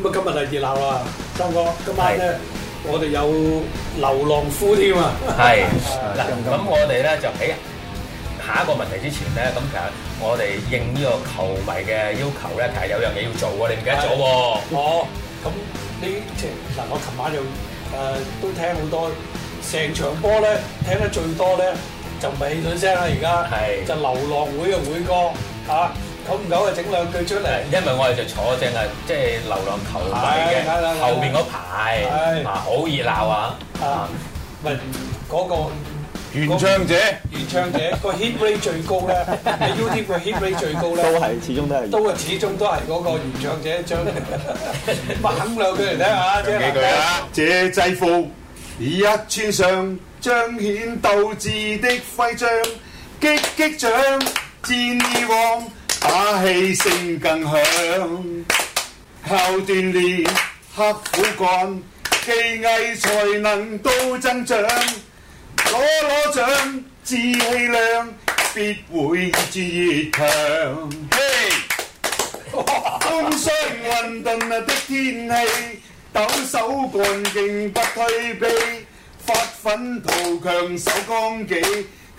咁啊，今日係熱鬧啦，三哥，今晚咧我哋有流浪夫添啊！係嗱，咁我哋咧就，起下一個問題之前咧，咁其實我哋應呢個球迷嘅要求咧，其實有樣嘢要做嘅，你唔記得咗喎？哦，咁呢即係嗱，我琴晚就誒都聽好多，成場波咧聽得最多咧就唔係汽筒聲啦，而家係，就流浪會嘅會歌啊！好唔好啊？整兩句出嚟，因為我哋就坐正啊，即係流浪球迷嘅後面嗰排，啊好熱鬧啊！啊，唔係嗰個原唱者，原唱者個 hit rate 最高咧，喺 YouTube 個 hit rate 最高咧，都係始終都係，都係始終都係嗰個原唱者將，咁啊，哼兩句嚟聽下，唱幾句啊？這制服以一穿上彰顯鬥志的徽章，擊擊掌戰意旺。打氣聲更響，靠鍛煉刻苦幹，技藝才能都增長，攞攞獎志氣量，必會越戰越強。嘿。冬霜混沌的天氣，抖擻幹勁不退避，發奮圖強守崗紀。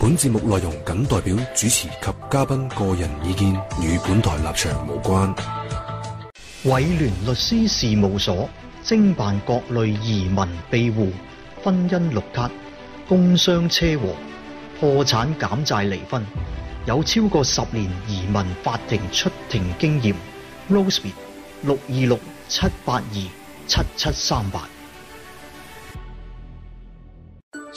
本節目內容僅代表主持及嘉賓個人意見，與本台立場無關。偉聯律師事務所徵辦各類移民、庇護、婚姻綠卡、工傷、車禍、破產、減債、離婚，有超過十年移民法庭出庭經驗。Rosebud 六二六七八二七七三八。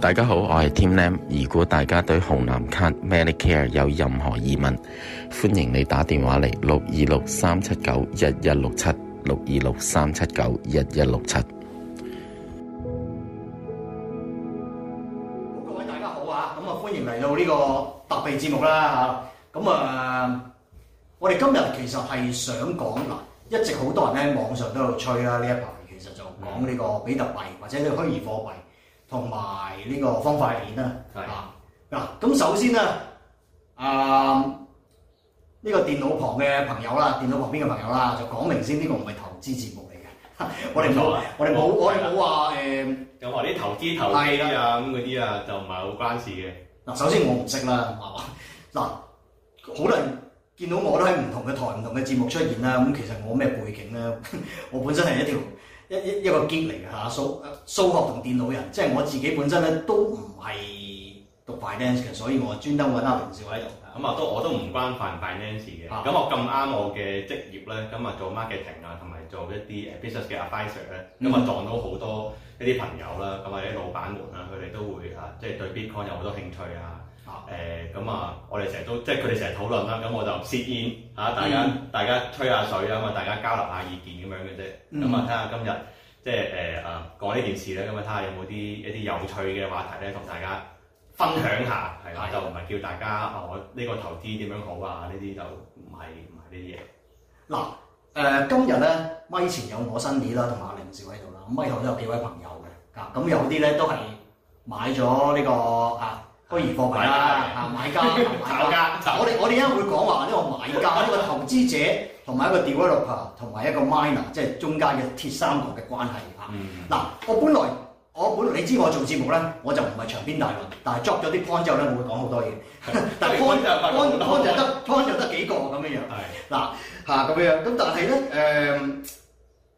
大家好，我係 Tim Lam。如果大家對紅藍卡 Medicare 有任何疑問，歡迎你打電話嚟六二六三七九一一六七六二六三七九一一六七。好，各位大家好啊，咁啊，歡迎嚟到呢個特備節目啦吓。咁啊，uh, 我哋今日其實係想講一直好多人喺網上都有吹啦，呢一排其實就講呢個比特幣或者呢個虛擬貨幣。同埋呢個方塊鏈啦，啊嗱，咁首先咧，誒呢個電腦旁嘅朋友啦，電腦旁邊嘅朋友啦，就講明先，呢個唔係投資節目嚟嘅，我哋冇，我哋冇，我哋冇話誒，有話啲投資投機啦咁嗰啲啊，就唔係好關事嘅。嗱，首先我唔識啦，嗱，好多人見到我都喺唔同嘅台、唔同嘅節目出現啦，咁其實我咩背景咧？我本身係一條，一一個 geek 嚟嘅嚇，數數學同電腦人，即係我自己本身咧都唔係讀 finance 嘅，所以我專登揾阿甯少喺度。咁啊都我都唔關煩 finance 嘅。咁我咁啱我嘅職業咧，咁啊做 marketing 啊，同埋做，做一啲誒 business 嘅 advisor 咧，咁啊撞到好多一啲朋友啦，咁或者老闆們啦，佢哋都會啊即係對 Bitcoin 有好多興趣啊。誒咁啊，我哋成日都即係佢哋成日討論啦，咁我就接煙嚇，大家、嗯、大家吹下水啊嘛，大家交流下意見咁樣嘅啫。咁啊、嗯，睇下今日即係誒誒講呢件事咧，咁啊睇下有冇啲一啲有趣嘅話題咧，同大家分享下，係啦對，就唔係叫大家我個頭、嗯、天呢個投資點樣好啊？呢啲就唔係唔係呢啲嘢。嗱誒，今日咧，咪前有我辛尼啦，同阿甯少喺度啦，咁咪後都有幾位朋友嘅。嗱咁有啲咧都係買咗呢、呢個啊。不如貨品啦，嚇買家、炒家。嗱，我哋我哋而家會講話呢個買家、呢個投資者同埋一個 developer 同埋一個 miner，即係中間嘅鐵三角嘅關係啊。嗱，我本來我本來你知我做節目咧，我就唔係長篇大論，但係作咗啲 point 之後咧，我會講好多嘢。但係 point 就得，point 又得幾個咁樣樣。係嗱嚇咁樣，咁但係咧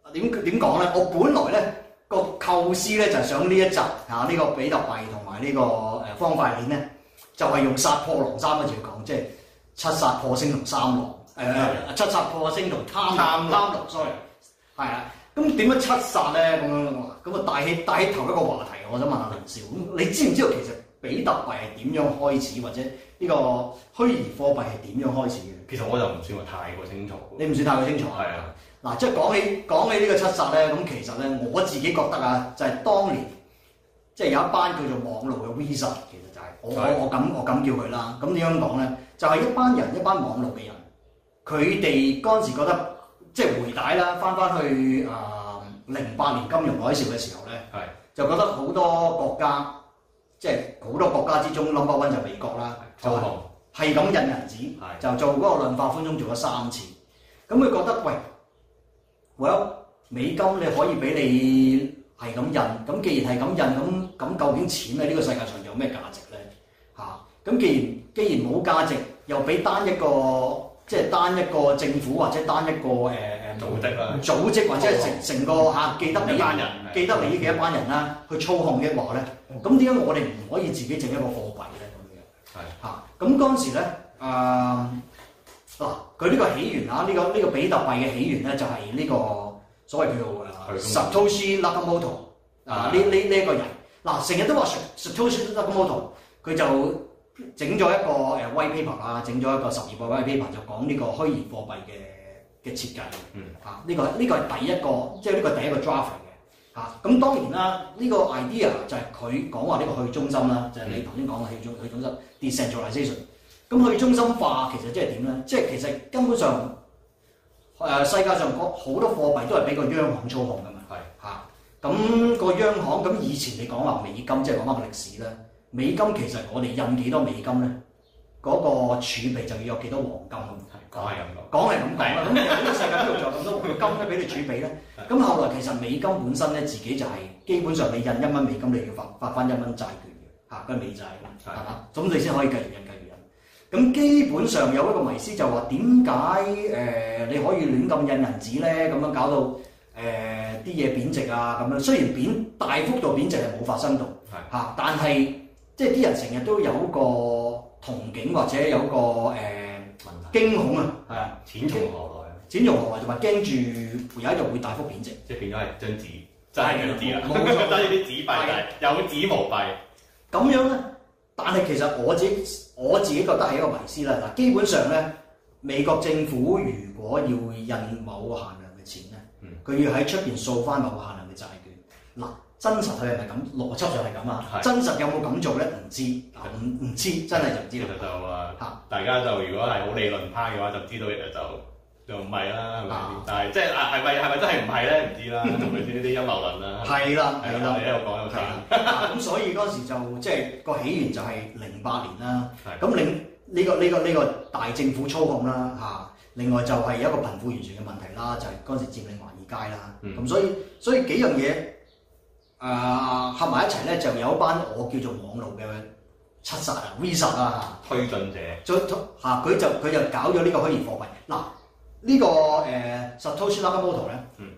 誒點點講咧？我本來咧。個構思咧就係想呢一集嚇呢、這個比特幣同埋呢個誒方塊鏈咧，就係、是、用殺破狼三個字嚟講，即、就、係、是、七殺破星同三狼、 呃，七殺破星同貪三狼，sorry，係啊。咁點樣七殺咧？咁樣咁啊？咁帶起帶起頭一個話題，我想問下甯少，咁 你知唔知道其實比特幣係點樣開始，或者呢個虛擬貨幣係點樣開始嘅？其實我就唔算話太過清， 清楚。你唔算太過清楚。係 是啊。嗱，即係講起講起呢個七殺咧，咁其實咧我自己覺得啊，就係、是、當年即係、就是、有一班叫做網絡嘅 V 殺，其實就係、是、的我我咁我咁叫佢啦。咁點樣講咧？就係、是、一班人，一班網絡嘅人，佢哋嗰陣時覺得即係回帶啦，翻翻去啊零八年金融海嘯嘅時候咧，的就覺得好多國家即係好多國家之中的 number one 就美國啦，的就係係咁印銀紙，紅的就做嗰個量化寬鬆做咗三次，咁佢的覺得喂～嗰一美金你可以俾你係咁印，咁既然係咁印，咁咁究竟錢喺呢個世界上有咩價值咧？嚇！咁既然既然冇價值，又俾單一個即係單一個政府或者單一個誒誒組織啦，組織或者係成成個嚇、啊、記得你、嗯嗯嗯、記得你嘅一、嗯、班人啦，去操控嘅話咧，咁點解我哋唔可以自己整一個貨幣咧？咁樣係嚇！咁當時咧啊嗱。啊。佢呢個起源啊，呢、這個呢、這個比特幣嘅起源咧，就係呢個所謂叫做嘅啦的，Satoshi Nakamoto 啊呢呢呢一個人，嗱成日都話 Satoshi Nakamoto 佢就整咗一個誒 white paper 啦，整咗一個十二個頁 white paper 就講呢個虛擬貨幣嘅嘅設計，嚇呢、嗯啊這個呢、這個係第一個，即係呢個第一個 driver 嘅嚇。咁、啊、當然啦，呢、這個 idea 就係佢講話呢個去中心啦，就係、是、你頭先講嘅去中去中心 decentralisation。咁去中心化其實即係點咧？即係其實根本上，誒世界上好多貨幣都係俾個央行操控噶嘛。係嚇。咁個央行，咁以前你講話美金，即係講翻個歷史咧。美金其實我哋印幾多美金咧？嗰個儲備就要有幾多黃金。係講係咁講。講係咁講啦。咁而家世界邊度仲咁多金都俾你儲備咧？咁後來其實美金本身咧，自己就係基本上你印一蚊美金，你要發發翻一蚊債券嘅嚇，嗰美債。咁你先可以繼續。咁基本上有一個迷思、就是，就話點解誒你可以亂咁印銀紙咧，咁樣搞到誒啲嘢貶值啊咁樣。雖然貶大幅度貶值係冇發生到，係嚇，但係即係啲人成日都有個憧憬，或者有個誒驚、呃、恐啊，係啊，錢從何來？錢從何來？同埋驚住有一日就會大幅貶值。即係變咗係張紙，就嗰啲啊，冇咗嗰啲紙幣，有紙冇幣。咁、no、樣咧，但係其實我自己。我自己覺得係一個迷思啦。嗱，基本上咧，美國政府如果要印某限量嘅錢咧，佢要喺出邊掃翻某限量嘅債券。嗱，真實係咪咁？邏輯就係咁啊。真實有冇咁做咧？唔知。唔唔知，真係就唔知道。就話嚇，大家就如果係好理論派嘅話，就知道其實就。就唔係啦，但係即係係咪係咪真係唔係咧？唔知啦，同你呢啲陰謀論啦。係啦，係啦。喺度講，喺度講。咁所以嗰時就即係個起源就係零八年啦。咁另呢個呢個呢個大政府操控啦嚇，另外就係有一個貧富懸殊嘅問題啦，就係嗰陣時佔領華爾街啦。咁所以所以幾樣嘢誒合埋一齊咧，就有一班我叫做網路嘅七殺啊、V 殺啊、推進者。咗，嚇佢就佢就搞咗呢個虛擬貨幣嗱。這個呃、呢個誒 Satoshi Nakamoto 咧，嗯、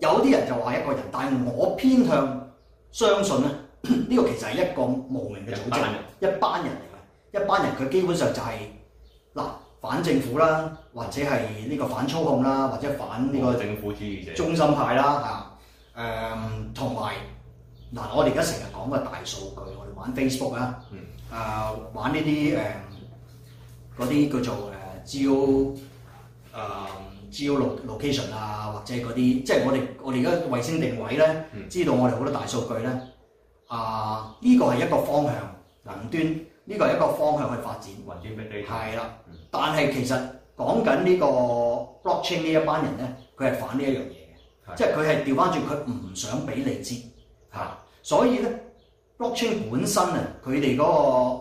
有啲人就話一個人，但我偏向相信咧，呢、這個其實係一個無名嘅組織一一，一班人嚟嘅，一班人佢基本上就係、是、嗱反政府啦，或者係呢個反操控啦，或者反呢個政府主義者中心派啦，嚇誒同埋嗱我哋而家成日講嘅大數據，我哋玩 Facebook 啦，啊、呃，誒玩呢啲誒嗰啲叫做誒 g、呃誒，只要、um, location 啊，或者嗰啲，即係我哋我哋而家衛星定位咧，知道我哋好多大數據咧。啊、呃，呢個係一個方向，能端呢個係一個方向去發展。雲端俾你係啦，但係其實講緊呢個 Blockchain 呢一班人咧，佢係反呢一樣嘢嘅，的即係佢係調翻轉，佢唔想俾你知吓，所以咧 Blockchain 本身啊，佢哋嗰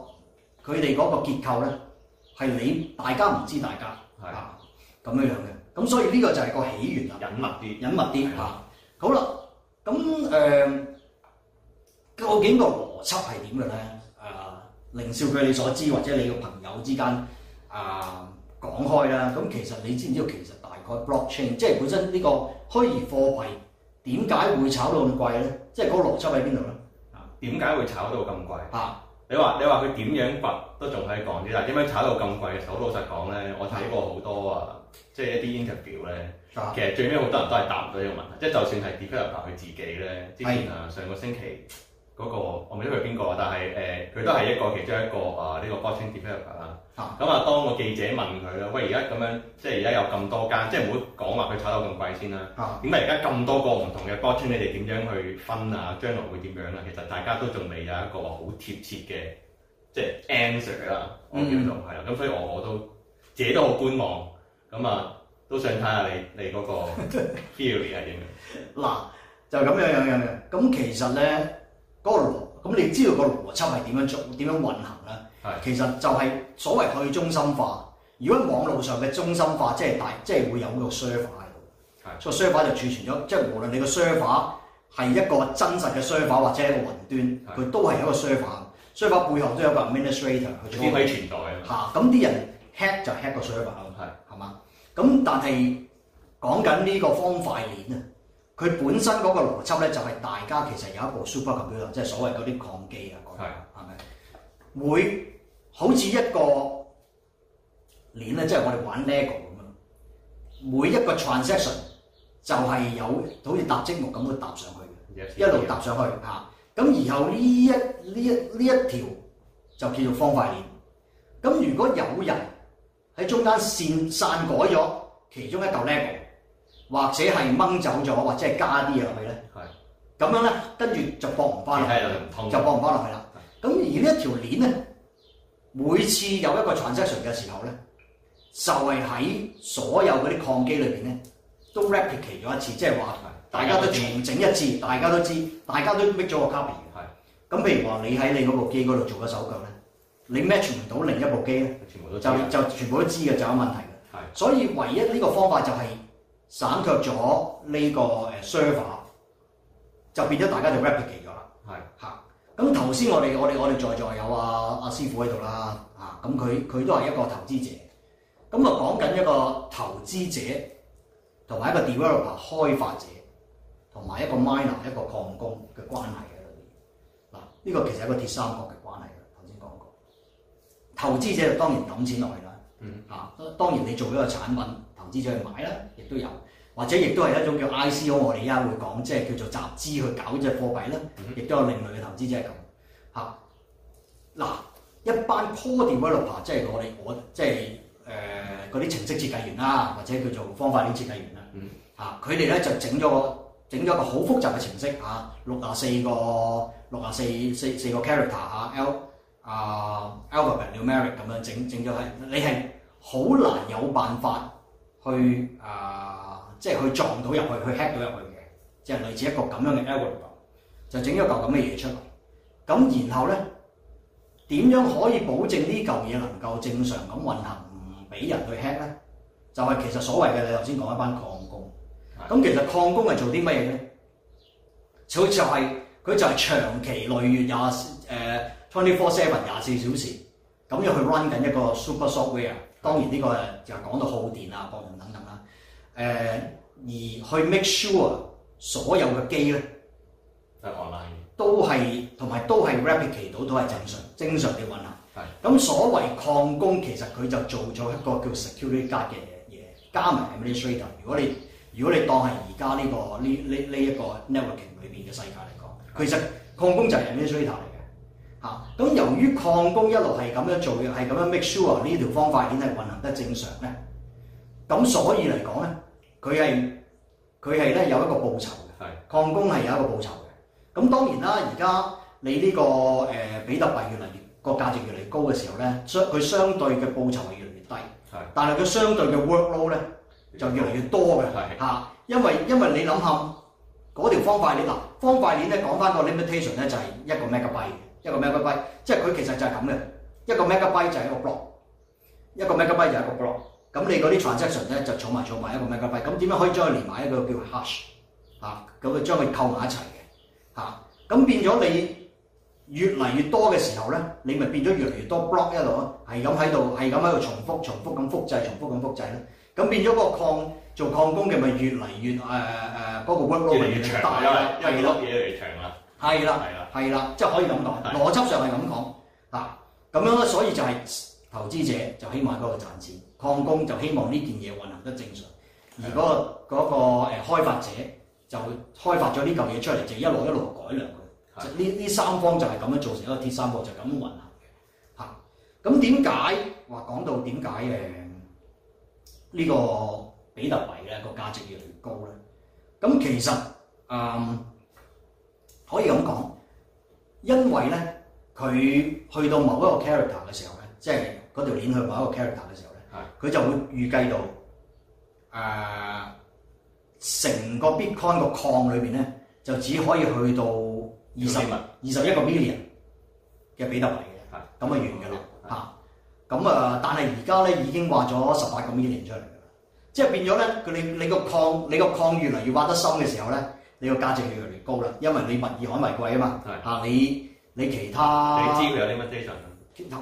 個佢哋嗰個結構咧係你大家唔知，大家嚇。咁樣樣嘅，咁所以呢個就係個起源啦，隱密啲，隱密啲嚇。的好啦，咁誒、呃、究竟個邏輯係點嘅咧？誒、呃呃，甯少據你所知或者你個朋友之間啊、呃呃、講開啦。咁其實你知唔知道其實大概 blockchain 即係本身呢個虛擬貨幣點解會炒到咁貴咧？即係嗰個邏輯喺邊度咧？啊，點解會炒到咁貴？嚇！你話你話佢點樣發都仲可以講啲，但係點樣炒到咁貴？我老實講咧，我睇過好多啊。即係一啲 interview 咧，其實最尾好多人都係答唔到呢個問題，即係、嗯、就算係 developer 佢自己咧，之前啊是上個星期嗰個我唔記得佢邊個，但係誒佢都係一個其中一個啊呢個 blockchain developer 啦。咁啊，這個嗯、當個記者問佢咧，喂，而家咁樣，即係而家有咁多間，即係唔好講話佢炒到咁貴先啦。點解而家咁多個唔同嘅 blockchain 你哋點樣去分啊？將來會點樣啊？其實大家都仲未有一個好貼切嘅即係 answer 啦，我叫做、就是，唔係啦，咁所，所以我所以我都自己都好觀望。咁啊，都想睇下你你嗰個 feeling 係點樣？嗱，就咁樣樣嘅。咁其實咧，嗰個咁你知道個邏輯係點樣做、點樣運行咧？係。是的 其實就係所謂去中心化。如果網路上嘅中心化，即係大，即係會有個 server 喺度。係。是的 個 server 就儲存咗，即係無論你個 server 係一個真實嘅 server 或者係一個雲端，佢都係一個 server。server 背後都有個 administrator 去。可以傳代啊。咁啲人 hack 就 hack 個 server 咯。咁但係講緊呢個方塊鏈啊，佢本身嗰個邏輯咧就係大家其實有一部 super 級即係所謂嗰啲礦機啊，嗰啲係咪？每好似一個鏈咧，即係我哋玩 Lego 咁樣，每一個 transaction 就係有好似搭積木咁去搭上去嘅， 一路搭上去嚇。咁然後呢一呢一呢一條就叫做方塊鏈。咁如果有人喺中間線散改咗其中一嚿 level，或者係掹走咗，或者係加啲嘢落去咧。係咁是的 樣咧，跟住就博唔翻啦。係啦，就博唔翻啦，係啦。咁而呢一條鏈咧，每次有一個 transaction 嘅時候咧，就係、是、喺所有嗰啲礦機裏邊咧，都 replicate 咗一次，即係話大家都重整一次，大家都知，大家都 make 咗個 copy 嘅。咁，譬如話你喺你嗰個機嗰度做咗手腳咧。你 match 唔到另一部機咧，全部都就、uh、就全部都知嘅，就有問題，嘅。係，所以唯一呢個方法就係、是、省略咗呢個誒 server，就變咗大家就 replicate 掉咗啦。係吓，咁頭先我哋我哋我哋在座有啊阿、啊、師傅喺度啦嚇，咁佢佢都係一個投資者，咁啊講緊一個投資者同埋一個 developer 開發者同埋一個 miner 一個礦工嘅關係嘅嗱，呢個其實係一個鐵三角。投資者就當然抌錢落去啦，嚇、嗯啊！當然你做咗個產品，投資者去買啦，亦都有，或者亦都係一種叫 ICO，我哋而家會講，即係叫做集資去搞呢隻貨幣啦，亦、嗯、都有另類嘅投資者，者。係咁嚇。嗱，一班 code developer 即係我哋我即係誒嗰啲程式設計員啦，或者叫做方法鏈設計員啦，嚇，佢哋咧就整咗個整咗個好複雜嘅程式嚇，六十四個六十四四四個 character 嚇、啊、L。啊、uh，Albert New Merrick 咁樣整整咗佢，你係好難有辦法去啊，即、uh, 係去撞到入去，去 hack 到入去嘅，即係類似一個咁樣嘅 Albert，就整咗嚿咁嘅嘢出嚟。咁然後咧，點樣可以保證呢嚿嘢能夠正常咁運行，唔俾人去 hack 咧？就係、是、其實所謂嘅你頭先講一班礦工，咁是的 其實礦工係做啲乜嘢咧？就好、是、就係佢就係長期累月也。Twenty-four-seven 廿四小時，咁又去 run 緊一個 super software、嗯。當然呢個又講到耗電啊、各種等等啦。誒、呃，而去 make sure 所有嘅機咧是都係同埋都係 replicate 到都係正常、正常嘅運行。係的。咁所謂礦工其實佢就做咗一個叫 security guard 嘅嘢，加埋 administrator 如。如果你如果你當係而家呢個呢呢呢一個 networking 裏邊嘅世界嚟講，嗯、其實礦工就係 administrator 嚇！咁由於礦工一路係咁樣做嘅，係咁樣 make sure 呢條方塊鏈係運行得正常咧，咁所以嚟講咧，佢係佢係咧有一個報酬嘅。係，礦工係有一個報酬嘅。咁當然啦，而家你呢個誒比特幣越嚟越個價值越嚟越高嘅時候咧，相佢相對嘅報酬係越嚟越低。係，但係佢相對嘅 workload 咧就越嚟越多嘅。係，嚇！因為因為你諗下嗰條方塊鏈嗱，方塊鏈咧講翻個 limitation 咧就係一個 megabyte。一個 mega byte，即係佢其實就係咁嘅。一個 mega byte 就係一個 block，一個 mega byte 就係一個 block。咁你嗰啲 transaction 咧就儲埋儲埋一個 mega byte。咁點樣可以將佢連埋一個叫 hash 嚇、啊，咁佢將佢扣埋一齊嘅嚇。咁、啊、變咗你越嚟越多嘅時候咧，你咪變咗越嚟越多 block 一路，係咁喺度，係咁喺度重複、重複咁複製、重複咁複製咧。咁變咗個礦做礦工嘅咪越嚟越誒誒，嗰、呃呃嗰個 workload 咪越嚟越,越,越大因為,因為越落嘢嚟長啦。係啦，係啦，係啦的，即係的可以咁講，邏輯的上係咁講嚇，咁的樣咧，所以就係、是、投資者就希望嗰個賺錢，礦工就希望呢件嘢運行得正常，的而嗰、那個嗰、那個誒、呃、開發者就開發咗呢嚿嘢出嚟，就的一路一路改良佢，呢呢的三方就係咁樣做成一個鐵三角，就咁樣運行嘅嚇。咁點解話講到點解誒呢個比特幣咧個價值越嚟越高咧？咁其實誒。嗯嗯可以咁講，因為咧，佢去到某一個 character 嘅時候咧，即係嗰條鏈去某一個 character 嘅時候咧，佢係就會預計到誒成個 Bitcoin 個礦裏邊咧，就只可以去到二十、二十一個 million 嘅比特幣嘅，咁啊係完㗎啦嚇。咁啊，但係而家咧已經挖咗十八個 million 出嚟㗎啦，即係變咗咧，佢你你個礦你個礦越嚟越挖得深嘅時候咧。你個價值越嚟越高啦，因為你物以罕為貴是啊嘛。係嚇，你你其他你知佢有啲乜嘢上？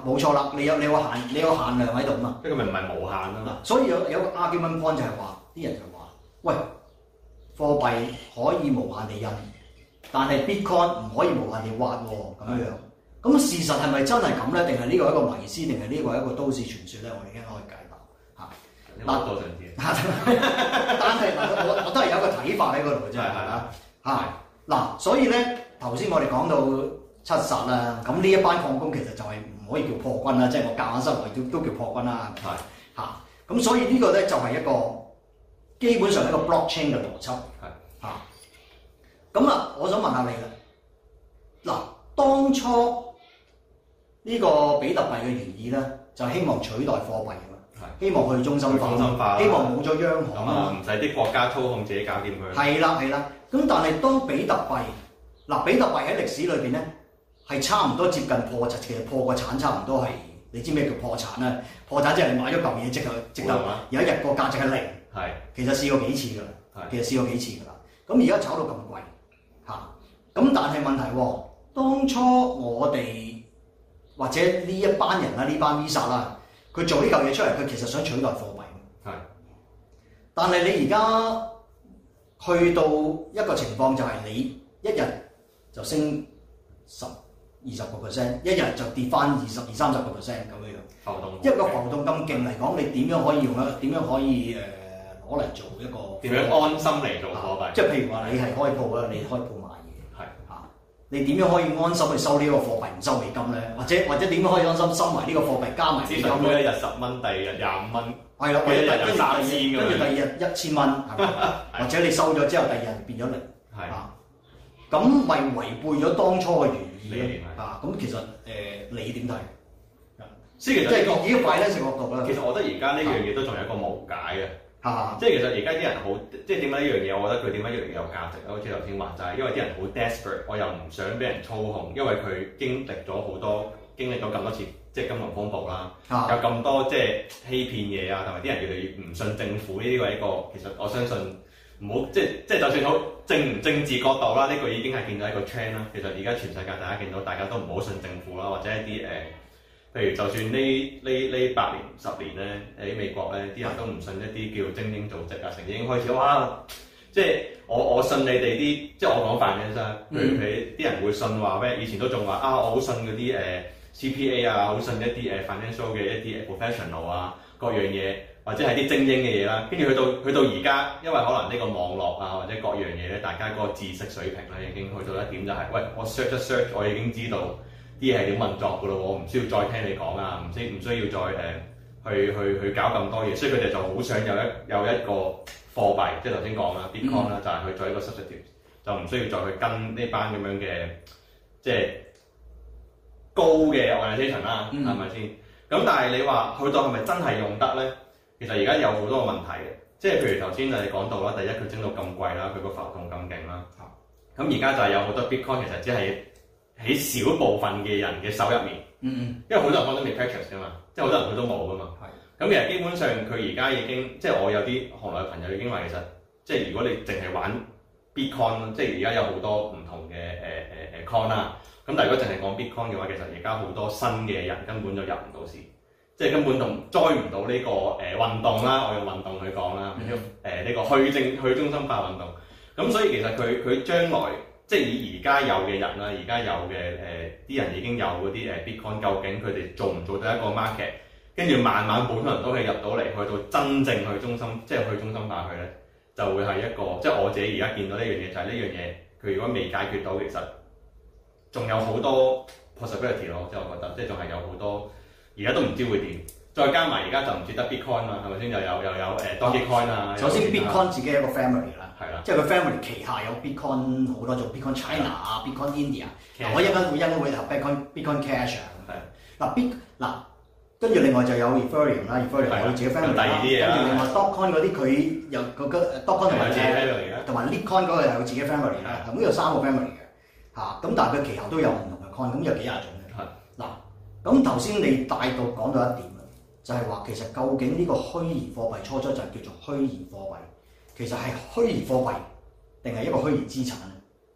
冇錯啦，你有你有限你有限量喺度嘛。呢個咪唔係無限啊嘛。所以有有個 argument point 就係話，啲人就話：喂，貨幣可以無限地印，但係 Bitcoin 唔可以無限地挖咁樣樣。咁事實係咪真係咁咧？定係呢個係一個迷思，定係呢個係一個都市傳說咧？我哋已經開解。但係我我都係有個睇法喺嗰度，真係係啦，係嗱，所以咧頭先我哋講到七殺啦，咁呢一班礦工其實就係唔可以叫破軍啦，即係我夾硬收入去都叫破軍啦，係嚇，咁所以呢個咧就係一個基本上一個 blockchain 嘅邏輯，係嚇，咁啦，我想問下你啦，嗱，當初呢個比特幣嘅原意咧就希望取代貨幣。希望去中，中心化，希望冇咗央行，咁啊唔使啲國家操控，自己搞掂佢。係啦係啦，咁但係當比特幣，嗱比特幣喺歷史裏邊咧，係差唔多接近破產，其實嘅破個產，差唔多係你知咩叫破產啊？破產即係你買咗嚿嘢，即係即係，有一日個價值係零。係，其實試過幾次㗎啦，的其實試過幾次㗎啦。咁而家炒到咁貴，嚇咁但係問題，當初我哋或者呢一班人啦，呢班 Visa 啦。佢做呢嚿嘢出嚟，佢其實想取代貨幣，係是的，但係你而家去到一個情況就係你一日就升十二十個 percent，一日就跌翻二十二三十個 percent 咁樣樣，浮動一個浮動咁勁嚟講，你點樣可以用咧？點是的 樣可以誒攞嚟做一個點樣安心嚟做貨幣的，即係譬如話你係開鋪啦，是的 你開鋪你點樣可以安心去收呢個貨幣唔收美金咧？或者或者點樣可以安心收埋呢個貨幣加埋先收佢一日十蚊，第二日廿五蚊，係啦的，第二日廿二，跟住第二日一千蚊，係 或者你收咗之後，第二日變咗零，係啊，咁咪違背咗當初嘅原意啊！咁其實誒、呃、你點睇？這個、即係呢一塊咧，成個覺得其實我覺得而家呢樣嘢都仲係一個無解嘅。的啊、即係其實而家啲人好，即係點解呢樣嘢？我覺得佢點解越嚟越有價值咧？好似頭先話齋係因為啲人好 desperate，我又唔想俾人操控，因為佢經歷咗好多，經歷咗咁多次即係金融風暴啦，啊、有咁多即係欺騙嘢啊，同埋啲人越嚟越唔信政府呢個一個。其實我相信唔好即係即係，就算好政政治角度啦，呢個已經係變咗一個 trend 啦。其實而家全世界大家見到，大家都唔好信政府啦，或者一啲誒。呃譬如就算呢呢呢百年十年咧，喺美國咧，啲人都唔信一啲叫精英組織啊，成日已經開始哇！即係我我信你哋啲，即係我講 finance 啊。譬如啲人會信話咩？以前都仲話啊，我好信嗰啲誒 CPA 啊，好信一啲誒、uh, finance 嘅一啲 professional 啊，各樣嘢或者係啲精英嘅嘢啦。跟住去到去到而家，因為可能呢個網絡啊或者各樣嘢咧，大家個知識水平咧已經去到一點、就係，就係喂，我 search 一 search，我已經知道。啲嘢係點運作㗎咯？我唔需要再聽你講啊，唔需唔需要再誒、呃、去去去，去搞咁多嘢，所以佢哋就好想有一有一個貨幣，即係頭先講啦，Bitcoin 啦、mm，hmm. 就係去做一個 substitute，就唔需要再去跟呢班咁樣嘅即係高嘅 operation 啦、mm，係咪先？咁但係你話去到係咪真係用得咧？其實而家有好多個問題嘅，即係譬如頭先就你講到啦，第一佢整到咁貴啦，佢個浮動咁勁啦，咁而家就係有好多 Bitcoin 其實只係，喺少部分嘅人嘅手入面，嗯，嗯，因為好多人放咗 medication 㗎嘛，嗯、即係好多人佢都冇㗎嘛。係的，咁其實基本上佢而家已經，即係我有啲行內嘅朋友已經 coin、呃呃、ner、話，其實即係如果你淨係玩 Bitcoin，即係而家有好多唔同嘅誒誒誒 coin 啦。咁但係如果淨係講 Bitcoin 嘅話，其實而家好多新嘅人根本就入唔到市，即係根本就栽唔到呢個誒運動啦。我用運動去講啦，誒呢、嗯呃呢個去證去中心化運動。咁所以其實佢佢將來。即係以而家有嘅人啦，而家有嘅誒啲人已經有嗰啲誒 Bitcoin，究竟佢哋做唔做到一個 market？跟住慢慢普通人都可以入到嚟，去到真正去中心，即係去中心化佢咧，就會係一個，即係我自己而家見到呢樣嘢，就係呢樣嘢佢如果未解決到，其實仲有好多 possibility 咯，即係我覺得，即係仲係有好多，而家都唔知會點，再加埋而家就唔止得 Bitcoin 嘛，係咪、啊、有先？又有又有誒 Dogecoin 啊。首先，Bitcoin 自己一個 family 啦。即係佢 family 旗下有 Bitcoin 好多種 Bitcoin China 啊 Bitcoin India 其實我一間會一間會 Bitcoin Bitcoin Cash 啊係嗱 big 嗱跟住另外就有 Ethereum 啦 Ethereum 係有自己 family 第二啲嘢跟住另外 Dogecoin 啲佢有個 Dogecoin 同埋者同埋 Litecoin 個又有自己 family 啦咁有三個 family 嘅吓咁但係佢旗下都有唔同嘅 coin 咁有幾廿種嘅嗱咁頭先你大度講到一點啊就係話其實究竟呢個虛擬貨幣初初就係叫做虛擬貨幣其實係虛擬貨幣定係一個虛擬資產啊？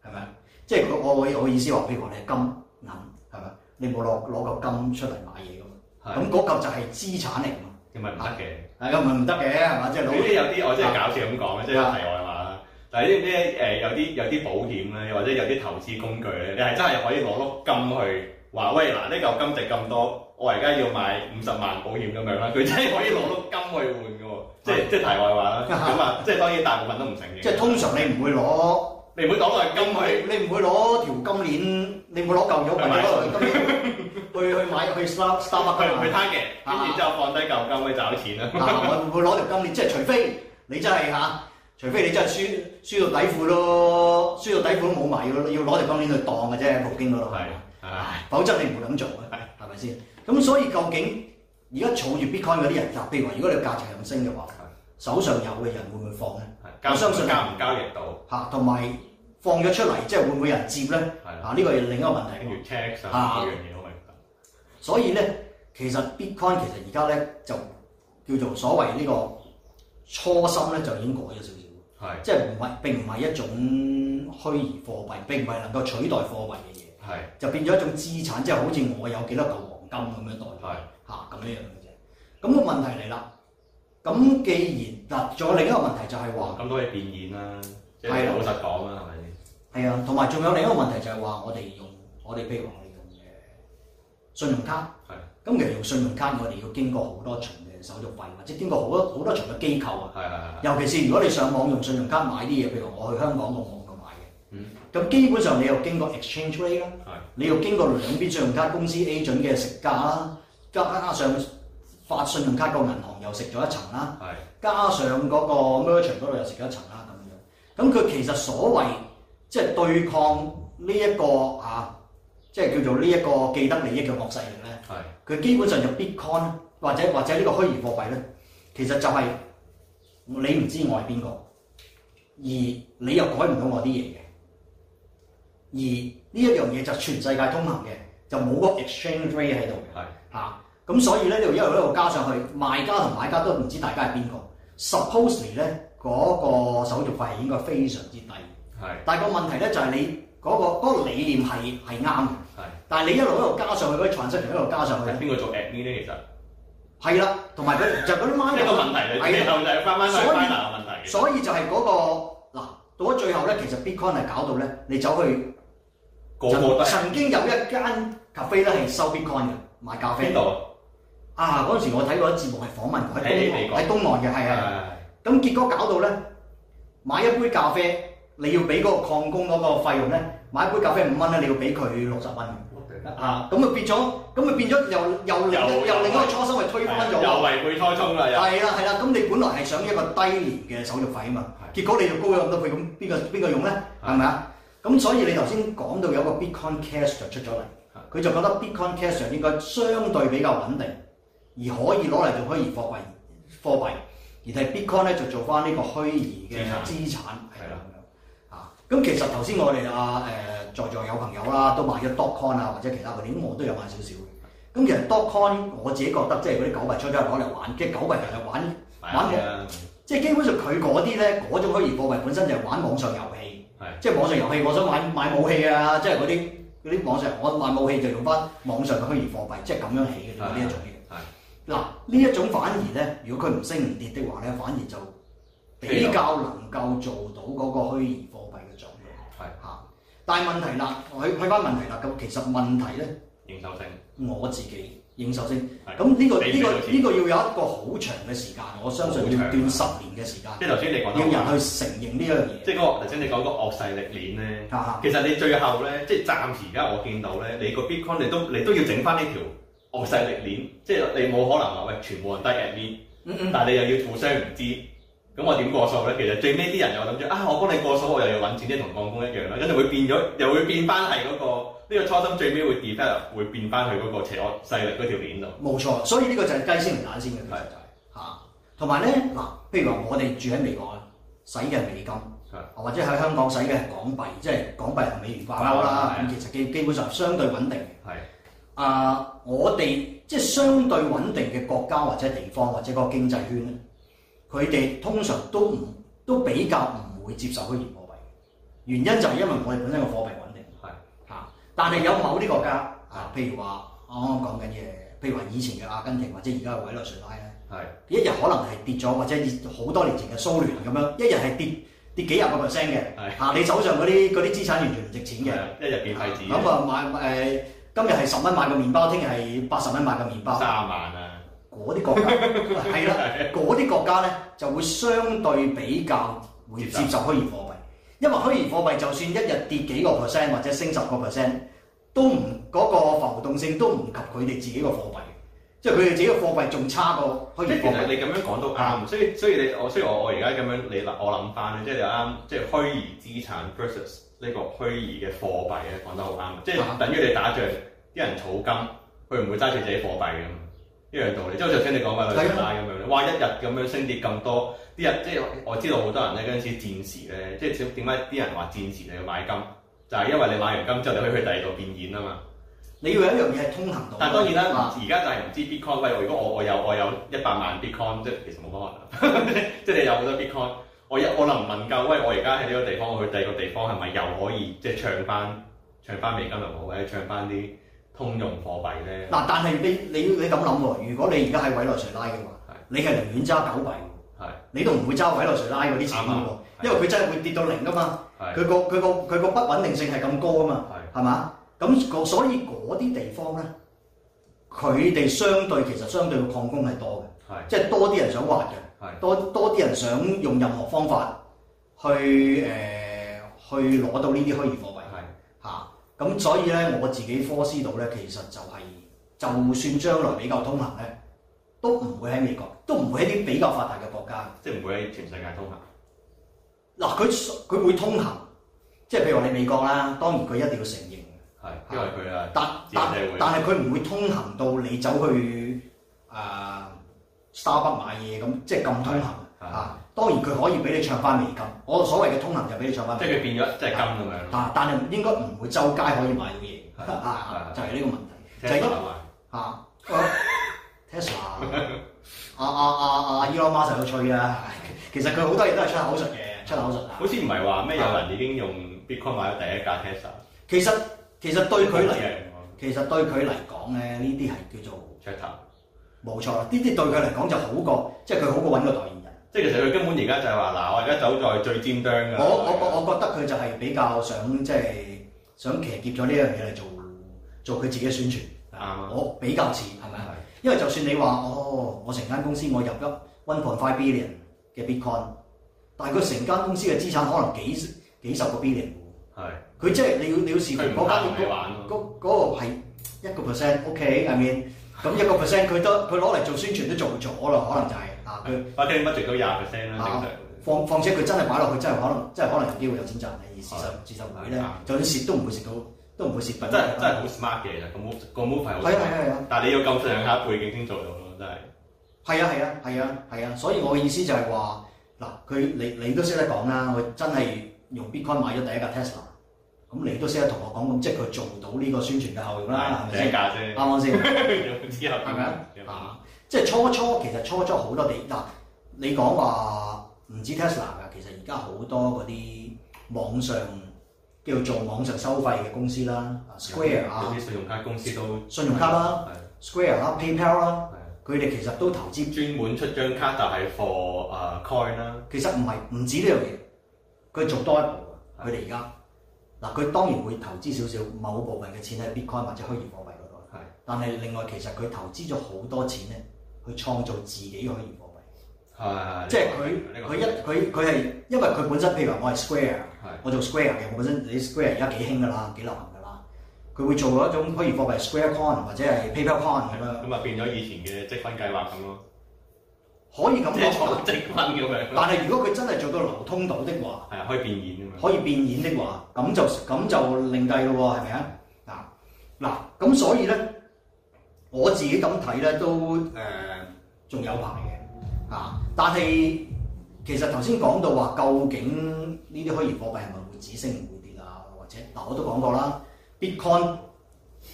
係咪啊？即係我我我意思話，譬如話你金銀係咪？你冇攞攞嚿金出嚟買嘢㗎嘛？咁嗰嚿就係資產嚟㗎嘛？咁咪唔得嘅，係啊，咪唔得嘅，係嘛？即係好似有啲我真係搞笑咁講嘅，即係題外話啦。但係你知唔知誒？有啲有啲保險咧，或者有啲投資工具咧，你係真係可以攞碌金去話喂嗱，呢嚿金值咁多，我而家要買五十萬保險咁樣啦。佢真係可以攞碌金去換。 即係即係題外話啦，咁啊，即係當然大部分都唔成嘅。即係通常你唔會攞，你唔會攞嚟金去，你唔會攞條金鏈，你唔會攞嚿肉去買金鏈去去買去 star star 下佢嘅，跟住就放低嚿金去找錢啦。我唔會攞條金鏈，即係除非你真係吓，除非你真係輸輸到底褲都輸到底褲都冇埋，要要攞條金鏈去當嘅啫，局邊嗰度係，唉，否則你唔會咁做嘅，係咪先？咁所以究竟而家儲住 Bitcoin 嗰啲人，譬如話如果你價值咁升嘅話，手上有嘅人會唔會放咧？我相信交唔交易到嚇，同埋放咗出嚟，即係會唔會有人接咧？嚇的，呢個係另一個問題。跟住的，嚇呢樣嘢好明。所以咧，其實 Bitcoin 其實而家咧就叫做所謂呢個初心咧，就已經改咗少少。係的，即係唔係並唔係一種虛擬貨幣，並唔係能夠取代貨幣嘅嘢。係的，就變咗一種資產，即係好似我有幾多嚿黃金咁樣代替。係的，咁呢樣嘅啫。咁個問題嚟啦。咁既然，嗱，仲有另一個問題就係話咁多嘢變現啦，即係老實講啦，係咪先？係啊，同埋仲有另一個問題就係話，我哋用我哋譬如話我哋用嘅信用卡，係咁是的 其實用信用卡我哋要經過好多重嘅手續費，或者經過好多好多重嘅機構啊，係係是的 尤其是如果你上網用信用卡買啲嘢，譬如我去香港個銀行度買嘅，嗯，咁基本上你又經過 exchange rate 啦，係是的 你要經過兩邊信用卡公司 agent 嘅食價啦，加加上。發信用卡個銀行又食咗一層啦，的加上嗰個 merchant 嗰度又食咗一層啦，咁樣。咁佢其實所謂即係、就是、對抗呢、這、一個嚇，即、啊、係、就是、叫做呢一個既得利益嘅惡勢力咧，佢的基本上就 Bitcoin 或者或者呢個虛擬貨幣咧，其實就係你唔知我係邊個，而你又改唔到我啲嘢嘅。而呢一樣嘢就全世界通行嘅，就冇嗰 exchange rate 喺度嘅，嚇的。咁所以咧，呢度一路一路加上去，賣家同買家都唔知大家係邊個。Supposedly 咧，嗰個手續費係應該非常之低。係的。但係個問題咧就係你嗰個理念係係啱嘅。係了。但係你一路一路加上去嗰啲創新，一路加上去咧。邊個做 a d m i 其實係啦，同埋佢就嗰啲 m a r k e 個問題嚟嘅，後底慢慢慢慢嚟。所以就係嗰、那個嗱，到咗最後咧，其實 Bitcoin 係搞到咧，你走去個個曾經有一間咖啡 f 咧係收 Bitcoin 嘅賣咖啡。度。啊！嗰陣時我睇過一節目，係訪問佢東喺東南嘅係啊。咁結果搞到咧，買一杯咖啡，你要俾嗰個礦工嗰個費用咧，買一杯咖啡五蚊咧，你要俾佢六十蚊。得咁咪變咗，咁咪變咗又又另又另一個初心嚟推翻，咗，又違背初衷啦。又係啦係啦，咁你本來係想一個低廉嘅手續費啊嘛，結果你要高咗咁多倍，咁邊個邊個用咧？係咪啊？咁所以你頭先講到有個 Bitcoin Cash 出咗嚟，佢就覺得 Bitcoin Cash 應該相對比較穩定。而可以攞嚟做虛擬貨幣貨幣，而係 Bitcoin 咧就做翻呢個虛擬嘅資產係啦咁樣啊。咁其實頭先我哋啊誒在座有朋友啦都買咗 Dogecoin 啊或者其他嗰啲，咁我都有買少少嘅。咁其實 Dogecoin 我自己覺得，即係嗰啲狗幣出咗攞嚟玩，即係狗幣其實玩玩嘅，即係基本上佢嗰啲咧，嗰種虛擬貨幣本身就係玩網上遊戲，即係網上遊戲我想買買武器啊，即係嗰啲嗰啲網上我買武器就用翻網上嘅虛擬貨幣，即係咁樣起嘅嗰一種。嗱呢一種反而咧，如果佢唔升唔跌的話咧，反而就比較能夠做到嗰個虛擬貨幣嘅作用。係嚇的，但係問題啦，我睇翻問題啦。咁其實問題咧，認受性，我自己認受性。咁呢的、呢個呢、呢個呢、呢個要有一個好長嘅時間，我相信要短十年嘅時間，即係頭先你講得。要人去承認呢樣嘢。即係嗰個頭先你講嗰個惡勢力鏈咧，其實你最後咧，即係暫時而家我見到咧，你個 Bitcoin 你都你都要整翻呢條。冇勢力鏈，即係你冇可能話喂，全部人 die at me，但係你又要互相唔知，咁我點過數咧？其實最尾啲人又諗住啊，我幫你過數，我又要揾錢，即係同礦工一樣啦。跟住會變咗，又會變翻係嗰個呢、呢個初心，最尾會 develop，會變翻去嗰個邪惡勢力嗰條鏈度。冇錯，所以呢個就係雞先唔蛋先嘅。係是，嚇，同埋咧嗱，譬如話我哋住喺美國啦，使嘅美金，是或者喺香港使嘅港幣，即係港幣同美元掛鈎啦，咁其實基基本上相對穩定嘅。啊！Uh, 我哋即係相對穩定嘅國家或者地方或者個經濟圈咧，佢哋通常都唔都比較唔會接受虛擬貨幣。原因就係因為我哋本身個貨幣穩定。係嚇，啊、但係有某啲國家啊，譬如話我講緊嘢，譬如話以前嘅阿根廷或者而家嘅委內瑞拉咧，係是一日可能係跌咗或者好多年前嘅蘇聯咁樣，一日係跌跌幾廿個 percent 嘅。係是、啊、你手上嗰啲啲資產完全唔值錢嘅，一日變廢紙。咁啊買誒。今日係十蚊買個麵包，聽日係八十蚊買個麵包。三萬啊！嗰啲國家係啦，嗰啲、 啊、 國家咧就會相對比較會接受虛擬貨幣，因為虛擬貨幣就算一日跌幾個 percent 或者升十個 percent，都唔嗰、嗰個浮動性都唔及佢哋自己嘅貨幣，嗯、即係佢哋自己嘅貨幣仲差過虛擬貨幣。你咁樣講都啱，所以所以你我所以我所以我而家咁樣你我諗翻咧，即係你啱，即、就、係、是、虛擬資產呢個虛擬嘅貨幣咧講得好啱，啊、即係等於你打仗，啲人儲金，佢唔會揸住自己貨幣嘅，一樣道理。即係我就聽你講緊特斯拉咁樣咧，哇、啊！一日咁樣升跌咁多，啲人即係我知道好多人咧嗰陣時戰時咧，即係點解啲人話戰時就要買金，就係、係、因為你買完金之後，你可以去第二度變現啊嘛。你要有一樣嘢係通行到。但係當然啦，而家、啊、就係唔知 bitcoin 威喎。如果我，我有我有一百萬 bitcoin，即係其實冇可能。 即係你有好多 bitcoin。我我能唔能夠？喂，我而家喺呢個地方，我去第二個地方，係咪又可以即係、就是、唱翻唱翻美金又好，或者唱翻啲通用貨幣咧？嗱，但係你你你咁諗喎，如果你而家喺委內瑞拉嘅話，是你係寧願揸狗幣，是你都唔會揸委內瑞拉嗰啲錢，因為佢真係會跌到零噶嘛，佢是、佢個佢個佢個不穩定性係咁高啊嘛，係嘛是？咁所以嗰啲地方咧，佢哋相對其實相對嘅礦工係多嘅，即係是、就是、多啲人想挖嘅。多多啲人想用任何方法去誒、呃、去攞到呢啲虛擬貨幣，嚇咁是的、啊、所以咧我自己科斯到咧其實就係、是、就算將來比較通行咧，都唔會喺美國，都唔會喺啲比較發達嘅國家。即係唔會喺全世界通行。嗱、啊，佢佢會通行，即係譬如話你美國啦，當然佢一定要承認嘅，係因為佢啊，但但但係佢唔會通行到你走去啊。呃沙北買嘢咁，即係咁通行嚇。當然佢可以俾你唱翻美金，我所謂嘅通行就俾你唱翻美金。即係佢變咗即係金咁樣咯。但係應該唔會周街可以買到嘢，就係呢個問題。Tesla 嚇，Tesla 阿阿阿阿 Elon Musk 啊！其實佢好多嘢都係出口術嘅，出口術。好似唔係話咩？有人已經用 Bitcoin 買咗第一架 Tesla。其實其實對佢嚟，其實對佢嚟講咧，呢啲係叫做噱頭。冇錯，呢啲對佢嚟講就好過，即係佢好過揾個代言人。即係其實佢根本而家就係話，嗱，我而家走在最尖端㗎。我我我覺得佢就係比較想即係、就是、想騎劫咗呢樣嘢嚟做做佢自己嘅宣傳。啱、嗯，我、哦、比較似係咪啊？吧因為就算你話哦，我成間公司我入咗 One Point Five Billion 嘅 Bitcoin，但係佢成間公司嘅資產可能幾幾十個 Billion 喎。佢即係你要你要視乎嗰間嗰嗰嗰個係一個、那個 percent，OK 係咪？Okay, I mean, 咁一個 percent 佢都佢攞嚟做宣傳都做咗啦，可能就係嗱佢，或者乜最多廿 percent 啦，正常。放況且佢真係擺落去，真係可能真係可能有機會有錢賺嘅意思，就資深咧，就算蝕都唔會蝕到，都唔會蝕本。真係真係好 smart 嘅，個 move 個 move 係好。啊係啊，但係你要咁上下背景先做到咯，真係。係啊係啊係啊係啊！所以我嘅意思就係話，嗱佢你你都識得講啦，我真係用 Bitcoin 買咗第一架 Tesla。咁你都識得同我講，咁即係佢做到呢個宣傳嘅效用啦，係咪先？啱唔啱先？用之後，係咪啊？即係初初，其實初初好多地嗱，你講話唔止 Tesla 啊，其實而家好多嗰啲網上叫做網上收費嘅公司啦，Square 啊，嗰啲信用卡公司都信用卡啦，Square 啦 PayPal 啦，佢哋其實都投資專門出張卡，但係貨啊 coin 啦。其實唔係唔止呢樣嘢，佢做多一步佢哋而家。佢當然會投資少少某部分嘅錢喺 Bitcoin 或者虛擬貨幣嗰度，係的。但係另外其實佢投資咗好多錢咧，去創造自己嘅虛擬貨幣，係的。即係佢佢一佢佢係因為佢本身譬如話我係 Square，的我做 Square 嘅，我本身你 Square 而家幾興㗎啦，幾流行㗎啦。佢會做一種虛擬貨幣 Square Coin 或者係 PayPal Coin 係咯。咁啊樣變咗以前嘅積分計劃咁咯。可以咁講，但係如果佢真係做到流通到的話，係可以變現㗎，可以變現的話，咁就咁就另計咯喎，係咪啊？嗱，咁所以咧，我自己咁睇咧都誒仲、呃、有排嘅啊。但係其實頭先講到話，究竟呢啲虛擬貨幣係咪會只升唔會跌啊？或者嗱，我都講過啦，Bitcoin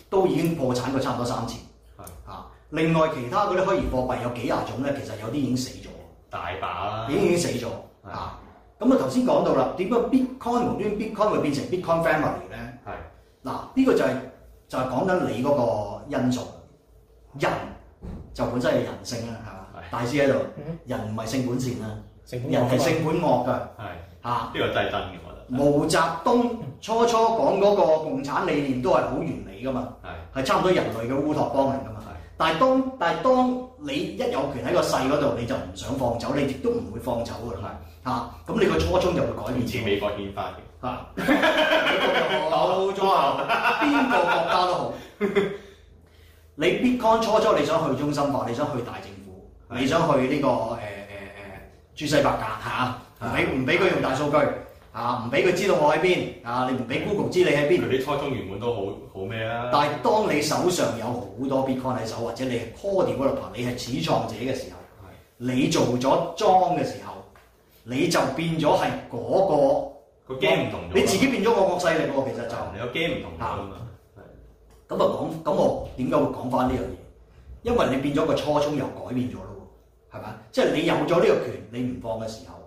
都已經破產過差唔多三次，係啊。另外其他嗰啲虛擬貨幣有幾廿種咧，其實有啲已經死咗，大把啦，已經已經死咗啊！咁啊頭先講到啦，點解 Bitcoin 唔單 Bitcoin 會變成 Bitcoin Family 咧？係嗱，呢個就係就係講緊你嗰個因素，人就本身係人性啦，係嘛？大師喺度，人唔係性本善啊，人係性本惡㗎，係啊，呢個低登嘅，我覺得。毛澤東初初講嗰個共產理念都係好完美㗎嘛，係係差唔多人類嘅烏托邦嚟㗎嘛。但係當但係當你一有權喺個勢嗰度，你就唔想放走，你亦都唔會放走嘅，係嚇的。咁、啊、你個初衷就會改變。似美國憲法嘅嚇，有咗邊個國家都好， 你 Bitcoin 初初，你想去中心化，你想去大政府，的你想去呢、這個誒誒誒朱西伯格嚇，唔俾唔俾佢用大數據。啊！唔俾佢知道我喺邊啊！你唔俾 Google 知你喺邊？佢啲初衷原本都好好咩啊？但係當你手上有好多 Bitcoin 喺手，或者你係 Code Developer，你係始創者嘅時候，的你做咗裝嘅時候，你就變咗係嗰個。個 game 唔同你自己變咗個個勢力喎，其實就你 game 同就、這個 game 唔同咗啊嘛。咁啊，講咁我點解會講翻呢樣嘢？因為你變咗個初衷又改變咗咯喎，係咪？即、就、係、是、你有咗呢個權，你唔放嘅時候。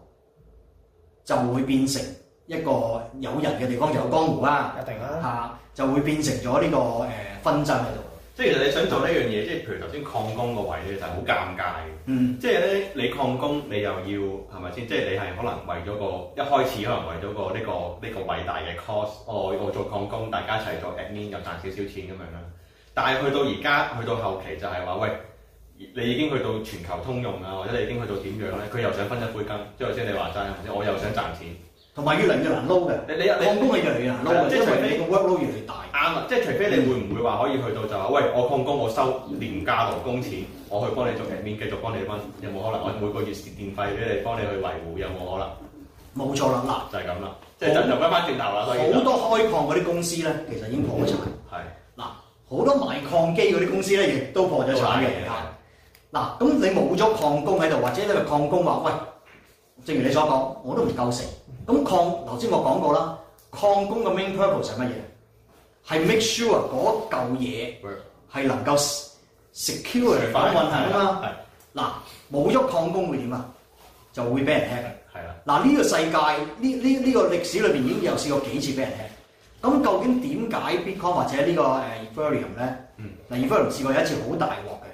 就會變成一個有人嘅地方就有江湖啦，一定啦、啊、嚇，就會變成咗呢、這個誒紛、呃、爭喺度。即係其實你想做呢樣嘢，即係、嗯、譬如頭先礦工個位咧，就係好尷尬嘅。嗯，即係咧你礦工，你又要係咪先？即係你係可能為咗個一開始可能為咗個呢、嗯這個呢、這個偉大嘅 course，我、哦、我做礦工，大家一齊做 admin 又賺少少錢咁樣啦。但係去到而家，去到後期就係話喂。你已經去到全球通用啊，或者你已經去到點樣咧？佢又想分一杯羹，即係即你話齋，我又想賺錢，同埋越嚟越難撈嘅。你你你礦工越嚟越難撈、嗯，即係你個 workload 越嚟越大。啱啦，即係除非你會唔會話可以去到就話喂，我礦工我收廉價勞工錢，我去幫你做，入邊繼續幫你分，有冇可能？我每個月蝕電費俾你，幫你去維護，有冇可能？冇錯啦，就係咁啦，即係喇喇就又翻返轉頭啦。好喇多開礦嗰啲公司咧，其實已經破咗產。係嗱、嗯，好多賣礦機嗰啲公司咧，亦都破咗產嘅。嗱，咁你冇咗礦工喺度，或者咧礦工話喂，正如你所講，我都唔夠食。咁礦，頭先我講過啦，礦工嘅 main purpose 係乜嘢？係 make sure 嗰嚿嘢係能夠 secure 反問題啊嘛。嗱，冇咗礦工會點啊？就會俾人蝦啦。係啦。嗱，呢個世界，呢呢呢個歷史裏邊已經有試過幾次俾人蝦。咁究竟點解 Bitcoin 或者個呢個誒 Ethereum 咧？嗯。嗱，Ethereum 試過有一次好大鑊嘅。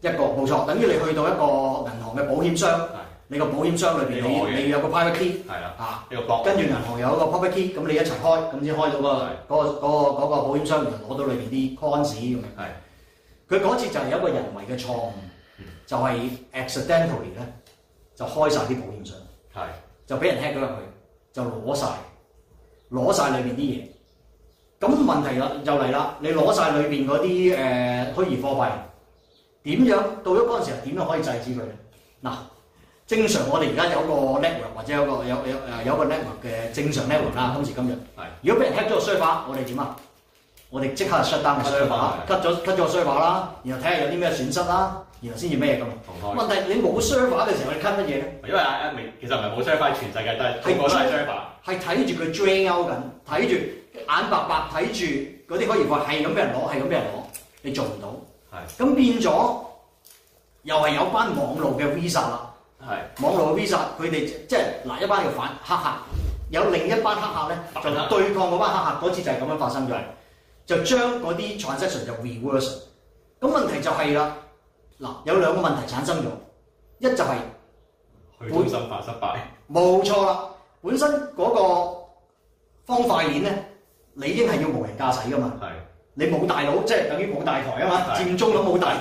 一個冇錯，等於你去到一個銀行嘅保險箱，你個保險箱裏邊你你有個 private key，嚇，跟住銀行有一個 private key，咁你一齊開，咁先開到咯。嗰個嗰個嗰個保險箱就攞到裏邊啲 cons 咁。係，佢嗰次就係有個人為嘅錯誤，就係 accidentally 咧就開晒啲保險箱，就俾人 hack 咗入去，就攞晒，攞晒裏邊啲嘢。咁問題又又嚟啦，你攞晒裏邊嗰啲誒虛擬貨幣。點樣到咗嗰陣時啊？點樣可以制止佢？嗱，正常我哋而家有個 level，或者有個有有誒有個 level 嘅正常 level 啦。今時今日，的如果俾人 cut 咗個 server，我哋點啊？我哋即刻 shutdown 個 server，cut 咗 cut 咗 server 啦，然後睇下有啲咩損失啦，然後先至咩噶嘛？問題你冇 server 嘅時候，以你 cut 乜嘢？因為阿啊，明其實唔係冇 server，全世界都係，係個個都係 server，係睇住佢 drag out 緊，睇住眼白白睇住嗰啲可以話係咁俾人攞，係咁俾人攞，你做唔到。咁變咗，又係有班網路嘅 Visa 啦。係。網路嘅 Visa，佢哋即係嗱一班嘅反黑客，有另一班黑客咧就對抗嗰班黑客，嗰次就係咁樣發生咗，就將嗰啲 transaction 就 reverse。咁問題就係啦，嗱有兩個問題產生咗，一就係本身化失敗，冇錯啦。本身嗰個方塊鏈咧，理應係要無人駕駛噶嘛。係。你冇大佬，即係等於冇大台啊嘛，佔對中咁冇大台，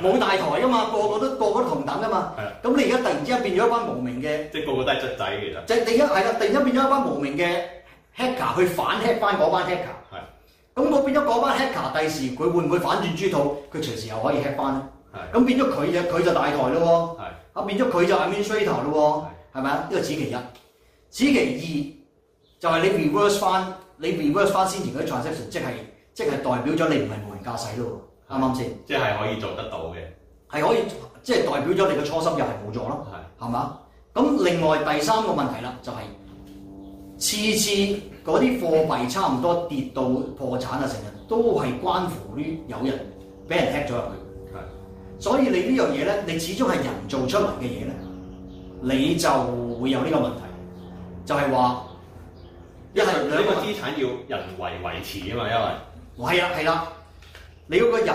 冇大台啊嘛，個個都個個都同等啊嘛。咁對你而家突然之間變咗一班無名嘅，即係個個都係卒仔其實。即係第一係啦，突然之間變咗一班無名嘅 hacker 去反 hack 翻嗰班 hacker，咁對我變咗嗰班 hacker 第時佢會唔會反轉豬肚？佢隨時又可以 hack 翻咧。咁對變咗佢嘅佢就大台咯喎，啊對變咗佢就 administrator 咯喎，係咪啊？呢個此其一，此其二就係你 reverse 翻你 reverse 翻先前嗰啲 transaction，即係。即係代表咗你唔係無人駕駛咯，啱啱先？吧即係可以做得到嘅，係可以即係、就是、代表咗你個初心又係冇咗咯，係嘛是？咁另外第三個問題啦，就係、是、次次嗰啲貨幣差唔多跌到破產啊，成日都係關乎於有人俾人 hack 咗入去，係是。所以你呢樣嘢咧，你始終係人做出嚟嘅嘢咧，你就會有呢個問題，就係、是、話因為為兩為、這個資產要人為維持啊嘛，因為。係啊，係啦，你嗰個人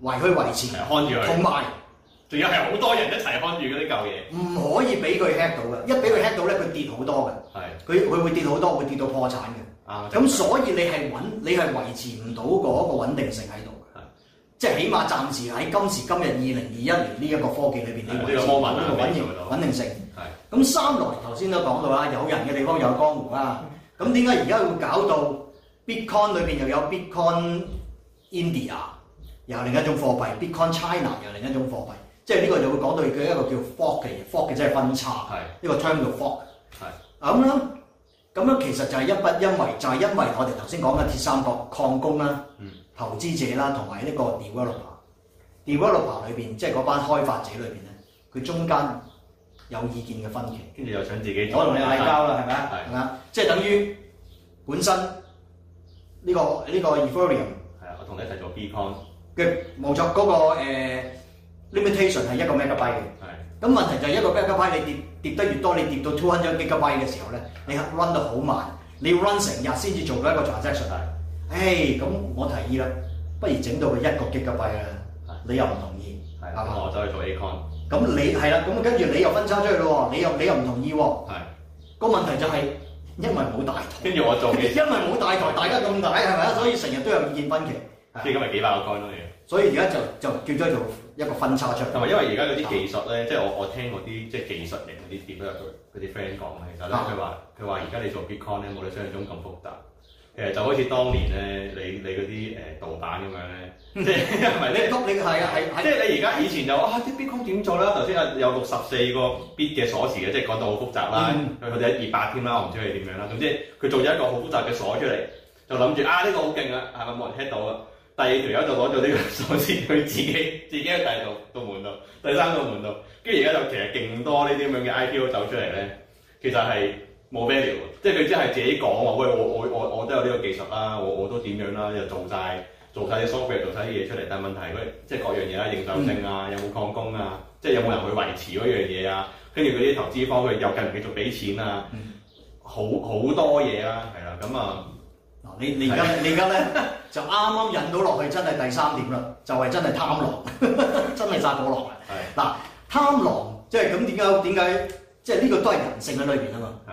為佢維持，同埋仲有係好多人一齊看住嗰啲舊嘢，唔可以俾佢 hack 到嘅。一俾佢 hack 到咧，佢跌好多嘅。係，佢佢會跌好多，會跌到破產嘅。啊，咁所以你係穩，你係維持唔到嗰個穩定性喺度嘅。即係起碼暫時喺今時今日二零二一年呢一個科技裏邊你個穩定穩定性。係，咁三來頭先都講到啦，有人嘅地方有江湖啊。咁點解而家會搞到？Bitcoin 裏邊又有 Bitcoin India，又另一種貨幣；Bitcoin China 又另一種貨幣，即係呢個就會講到佢一個叫 fork 嘅 fork 嘅，即係分叉係呢個 term 叫 fork 咁啦。咁樣其實就係一不因為就係、是、因為我哋頭先講嘅鐵三角礦工啦，嗯，投資者啦，同埋呢個 developer developer 裏邊即係、就、嗰、是、班開發者裏邊咧，佢中間有意見嘅分歧，跟住又想自己我同你嗌交啦，係咪啊？係啦，即係等於本身。呢個呢個 ethereum 係啊，我同你一齊做 bitcoin 嘅，冇錯嗰個誒 limitation 係一個 megabyte 嘅。係。咁問題就係一個 megabyte 你跌跌得越多，你跌到 two hundred gigabyte 嘅時候咧，你 run 得好慢，你要 run 成日先至做到一個 transaction。誒，咁我提議啦，不如整到佢一個 gigabyte 啊！你又唔同意？係啱啱我走去做 bitcoin。咁你係啦，咁跟住你又分叉出去咯喎，你又你又唔同意喎？係。個問題就係。因為冇大台，跟住我做嘅。 因為冇頭大台，大家咁大係咪啊？ 所以成日都有意見分歧。即係今日咪幾百個肝咯，而。 所以而家就就叫做一個分叉出。同埋因為而家嗰啲技術咧岔，即係我我聽嗰啲即係技術型嗰啲店嗰有佢啲 friend 講咧，其實咧佢話佢話而家你做 Bitcoin 咧，冇你想象中咁複雜。誒就好似當年咧，你你嗰啲誒盜版咁樣咧，即係唔係呢督你係啊，係即係是 你而家以前就啊啲 bitcoin 點做啦？頭先啊有六十四個 bit 嘅鎖匙嘅，即係講到好複雜啦，佢哋一二百添啦，28，我唔知佢點樣啦。總之佢做咗一個好複雜嘅鎖出嚟，就諗住啊呢個好勁啊，係咪冇人聽到啊？第二條友就攞咗呢個鎖匙佢自己自己喺第二度，到門度，第三度門度，跟住而家就其實勁多呢啲咁樣嘅 IPO 走出嚟咧，其實係。冇 value 即係佢真係自己講話，喂，我我我我都有呢個技術啦，我我都點樣啦，又做晒，做晒啲 software，做晒啲嘢出嚟，但係問題佢即係各樣嘢啦，認受性啊，有冇礦工啊，即係有冇人去維持嗰樣嘢啊，跟住佢啲投資方佢又繼唔繼續俾錢啊，好好多嘢啊，係啦，咁啊，嗱你 你而家你而家咧就啱啱引到落去，真係第三點啦，就係、是、真係貪狼， 真係炸果狼。係 嗱貪狼，即係咁點解點解即係呢、這個都係人性喺裏邊啊嘛。係。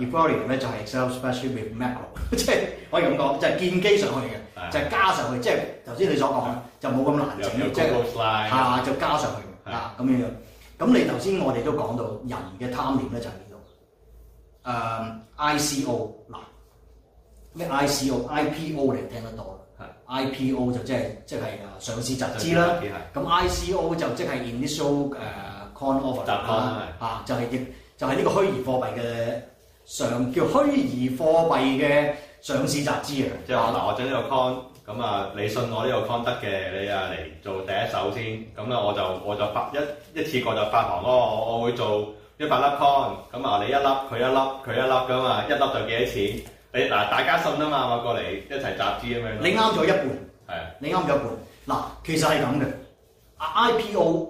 Economy 咧就係 Excel especially with macro，即係可以咁講，就係建基上去嘅，就係加上去，即係頭先你所講，就冇咁難整，即係下就加上去啊咁樣。咁你頭先我哋都講到人嘅貪念咧就係呢度，誒 ICO 嗱，咩 ICO、IPO 你聽得多啦，IPO 就即係即係誒上市集資啦，咁 ICO 就即係 initial 誒 coin offer 啦，就係亦就係呢個虛擬貨幣嘅。常叫虛擬貨幣嘅上市集資啊！即係可能。嗱，嗯，我整呢個 con 咁啊，你信我呢個 con 得嘅，你啊嚟做第一手先。咁啊，我就我就發一一次過就發行咯。我會做一百粒 con，咁啊，你一粒佢一粒佢一粒咁啊，一粒就幾多錢？你嗱，大家信啊嘛，我過嚟一齊集資咁樣咯。你啱咗一半，係啊，你啱咗一半。嗱，其實係咁嘅。IPO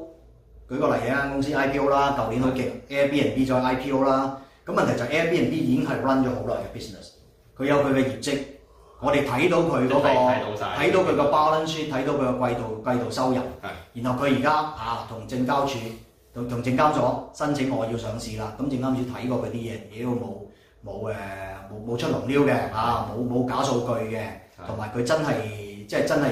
舉個例啊，間公司 IPO 啦，舊年去嘅 Airbnb 再 IPO 啦。咁問題就 Airbnb 已經係 run 咗好耐嘅 business，佢有佢嘅業績，我哋睇到佢嗰個睇到佢個 balance sheet，睇到佢個季度季度收入，是的 然後佢而家啊同證交處同同證監所申請我要上市啦，咁正啱先睇過佢啲嘢，屌冇冇誒冇冇出 l o 嘅嚇，冇、啊、冇假數據嘅，同埋佢真係即係真係，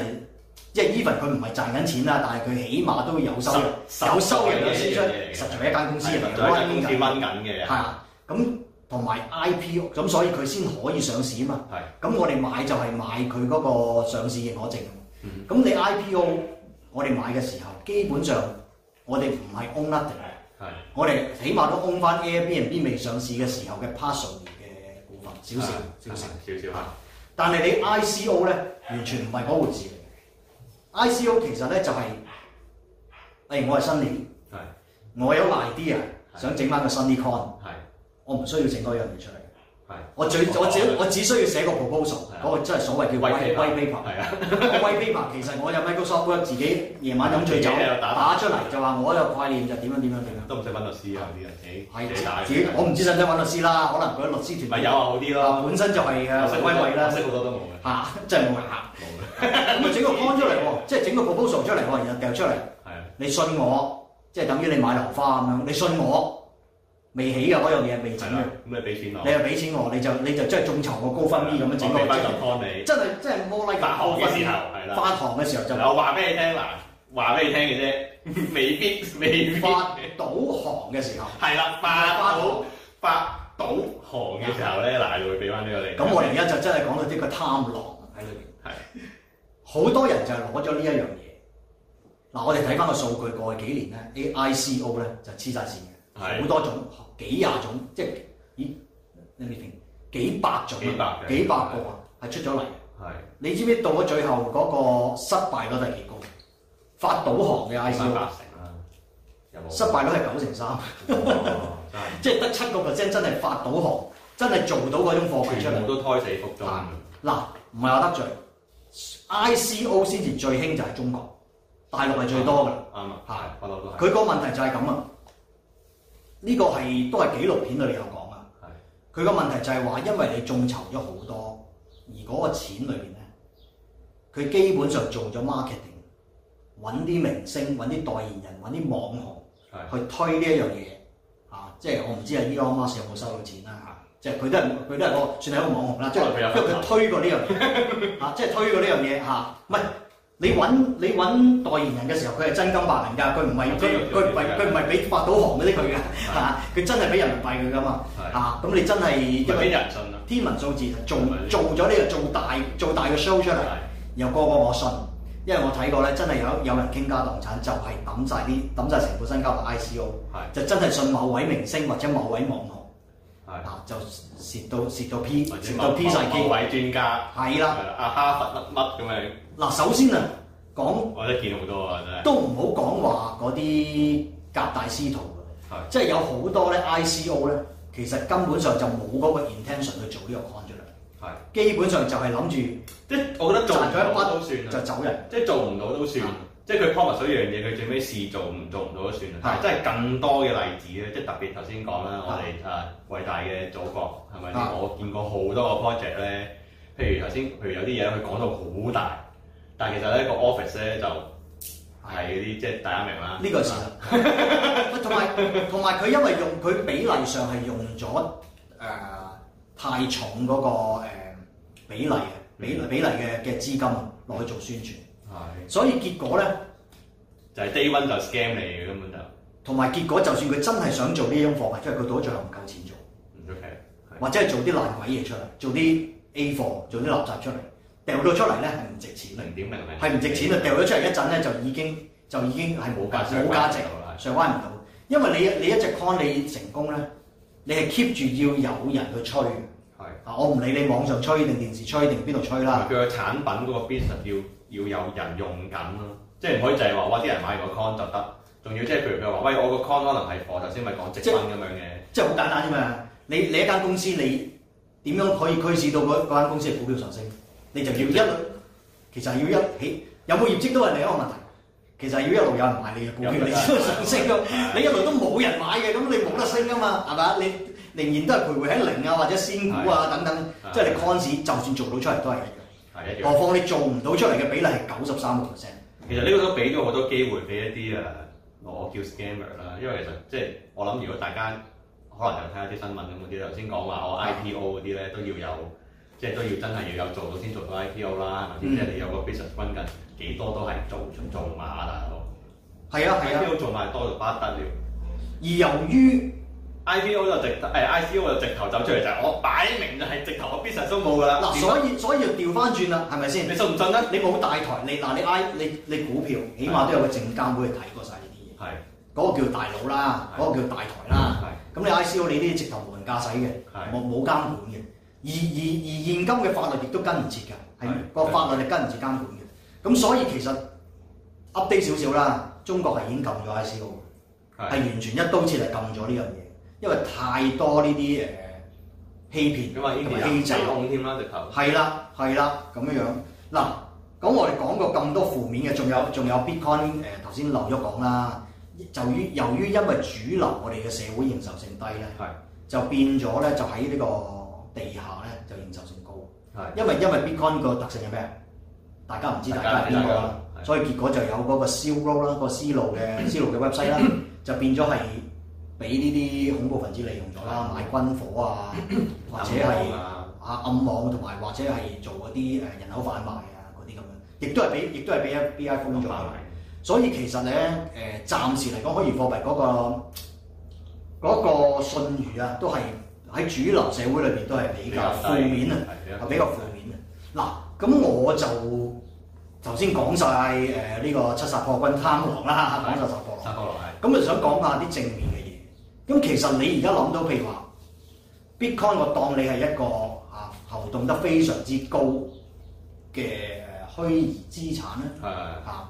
即係 even 佢唔係賺緊錢啦，但係佢起碼都會有收入，有收入嘅先出，實在一間公司嚟嘅，掹緊嘅係啊。的的咁同埋 IPO，咁所以佢先可以上市啊嘛。係，咁我哋買就係買佢嗰個上市認可證。咁你 IPO，我哋買嘅時候，基本上我哋唔係 own 甩定嘅。係，我哋起碼都 own 翻 Airbnb 未上市嘅時候嘅 passion 嘅股份少少，少少少少嚇。但係你 ICO 咧，完全唔係嗰個字嚟。ICO 其實咧就係，誒我係新年，係，我有 idea，想整翻個新啲 coin，我唔需要整多樣嘢出嚟，我最我只我只需要寫個 proposal，嗰個真係所謂叫 white paper，white paper 其實我有 Microsoft work 自己夜晚飲醉酒打出嚟，就話我有概念就點樣點樣點樣，都唔使揾律師啊啲啊，自己自己我唔知使唔使揾律師啦，可能佢律師團咪有啊好啲啦，本身就係嘅，威威啦，好多都冇啊，嚇真係冇牙，咁咪整個 point 出嚟喎，即係整個 proposal 出嚟人又掉出嚟，你信我，即係等於你買樓花咁樣，你信我。未起嘅嗰樣嘢未整啊！咁你俾錢我，你又俾錢我，你就你就即係眾籌個高分咪、嗯。咁樣整。我唔幫你真，真係真係摩拉價嘅時候，係啦，翻行嘅時候就。我話俾你聽啦，話俾你聽嘅啫，未必未必。發倒航嘅時候，係啦、嗯，發倒發倒行嘅時候咧，嗱就、嗯嗯、會俾翻呢個你。咁我而家就真係講到啲個貪狼喺裏邊。係，好的多人就係攞咗呢一樣嘢。嗱、嗯，我哋睇翻個數據，過去幾年咧，AICO 咧就黐晒線。好多種，幾廿種，即係咦你未聽幾百種幾百個啊，係出咗嚟。係你知唔知到咗最後嗰個失敗率幾高？發導航嘅 I C O，八成啦、啊，有冇？失敗率係九成三，即係得七個 percent 真係發導航，真係做到嗰種貨幣出嚟，全部都胎死腹中、嗯。嗱、啊，唔係話得罪 I C O，先至最興就係中國大陸係最多㗎。啱啊，係佢個問題就係咁啊。呢個係都係紀錄片啊！你有講啊，佢個問題就係話，因為你眾籌咗好多，而嗰個錢裏邊咧，佢基本上做咗 marketing，揾啲明星、揾啲代言人、揾啲網紅是的 去推呢一樣嘢。啊，即係我唔知阿 Elon 依哥阿媽有冇收到錢啦。啊，即係佢都係佢都係個算係一個網紅啦，即係佢推過呢樣嘢啊，即係推過呢樣嘢嚇，唔、啊、係。你揾你揾代言人嘅時候，佢係真金白銀㗎，佢唔係佢佢唔係佢唔係俾發到紅嗰啲佢嘅，嚇佢真係俾人民幣佢㗎嘛嚇，咁你真係因為天文數字，做做咗呢個做大做大嘅 show 出嚟，又後個個我信，因為我睇過咧，真係有有人傾家蕩產，就係抌晒啲抌晒成副身家落 ICO，就真係信某位明星或者某位網紅，嚇就蝕到蝕到 P 到 P 信幾位專家，係啦，阿哈佛乜乜咁樣。嗱，首先啊，講我得見好多啊，真係都唔好講話嗰啲隔大師徒㗎，係即係有好多咧 I C O 咧，其實根本上就冇嗰個 intention 去做呢個 contract 係基本上就係諗住即係我覺得賺咗一筆都算啦，就走人，即係做唔到都算，即係佢 promise 咗一樣嘢，佢最尾試做唔做唔到都算啦，係即係更多嘅例子咧，即係特別頭先講啦，我哋啊偉大嘅祖國係咪？我見過好多個 project 咧，譬如頭先譬如有啲嘢佢講到好大。但係其實咧，個 office 咧就係嗰啲即係大家明啦。呢個事同埋同埋佢因為用佢比例上係用咗誒、呃、太重嗰、嗰個、呃、比例，比例比例嘅嘅資金落去做宣傳。係的，所以結果咧就係 day one 就 scam 嚟嘅根本就。同埋結果，就算佢真係想做呢種貨物，即係佢到咗最後唔夠錢做，唔出、okay, 或者係做啲爛鬼嘢出嚟，做啲 A 貨，做啲垃圾出嚟。掉咗出嚟咧係唔值錢，零點零零係唔值錢啊！掉咗 0. 0, 出嚟一陣咧就已經就已經係冇價值，冇價值上翻唔到。因為你你一隻 con 你成功咧，你係 keep 住要有人去吹係是啊！我唔理你網上吹定電視吹定邊度吹啦。佢嘅產品嗰個 business 要要有人用緊咯，即係唔可以就係話哇啲人買個 con 就得。仲要即係譬如佢話喂，我個 con 可能係貨頭先咪講積分咁樣嘅，即係好簡單啫嘛。你你，你一間公司你點樣可以驅使到嗰嗰間公司嘅股票上升？你就要一其實係要一起，有冇業績都係另一個問題。其實係要一路有人買你嘅股票，你先上升。你一路都冇人買嘅，咁你冇得升噶嘛，係嘛？你仍然都係徘徊喺零啊，或者仙股啊等等，即係 con 就算做到出嚟都係一樣。係一樣。何況你做唔到出嚟嘅比例係九十三個 percent。其實呢個都俾咗好多機會俾一啲誒，我叫 scammer 啦。因為其實即係我諗，如果大家可能有睇下啲新聞咁嗰啲，頭先講話我 IPO 嗰啲咧都要有。即係都要真係要有做到先做到 IPO 啦，即係你有個 business 分緊幾多都係做唔做埋大佬。係啊係啊，IPO 做埋多到不得了。而由於 IPO 就直誒 ICO 就直頭走出嚟，就係我擺明就係直頭個 business 都冇㗎啦。嗱，所以所以要調翻轉啦，係咪先？你信唔信啊？你冇大台，你嗱你 I 你你股票，起碼都有個證監會去睇過晒呢啲嘢。係嗰個叫大佬啦，嗰個叫大台啦。係咁，你 ICO 你啲直頭無人駕駛嘅，冇冇監管嘅。而而而現今嘅法律亦都跟唔切㗎，係個法律係跟唔住監管嘅，咁所以其實 update 少少啦。中國係已經禁咗 ICO，係完全一刀切嚟禁咗呢樣嘢，因為太多呢啲誒欺騙同埋欺詐添啦，係啦係啦咁樣嗱。咁我哋講過咁多負面嘅，仲有仲有 Bitcoin 誒頭先漏咗講啦，就於由於因為主流我哋嘅社會認受性低咧，就變咗咧就喺呢個，地下咧就認受性高，因為因為 Bitcoin 個特性係咩？大家唔知大家係邊個啦，所以結果就有嗰個 C l o 啦，個思路嘅思路嘅 website 啦， 就變咗係俾呢啲恐怖分子利用咗啦，買的軍火啊， 或者係啊暗網同、啊、埋、啊、或者係做嗰啲誒人口販賣啊嗰啲咁樣，亦都係俾亦都係俾 FBI 封咗。嗯、所以其實咧誒、呃，暫時嚟講，虛擬貨幣嗰、那個嗰、那個那個那個信譽啊，都係。喺主流社會裏邊都係比較負面啊，係比，比較負面、嗯、啊。嗱，咁我就頭先講晒誒呢個七殺破軍貪狼啦，七殺破狼。殺的、嗯、破狼係。咁就想講下啲正面嘅嘢。咁其實你而家諗到，譬如話 Bitcoin，我當你係一個啊浮動得非常之高嘅虛擬資產咧。係。啊。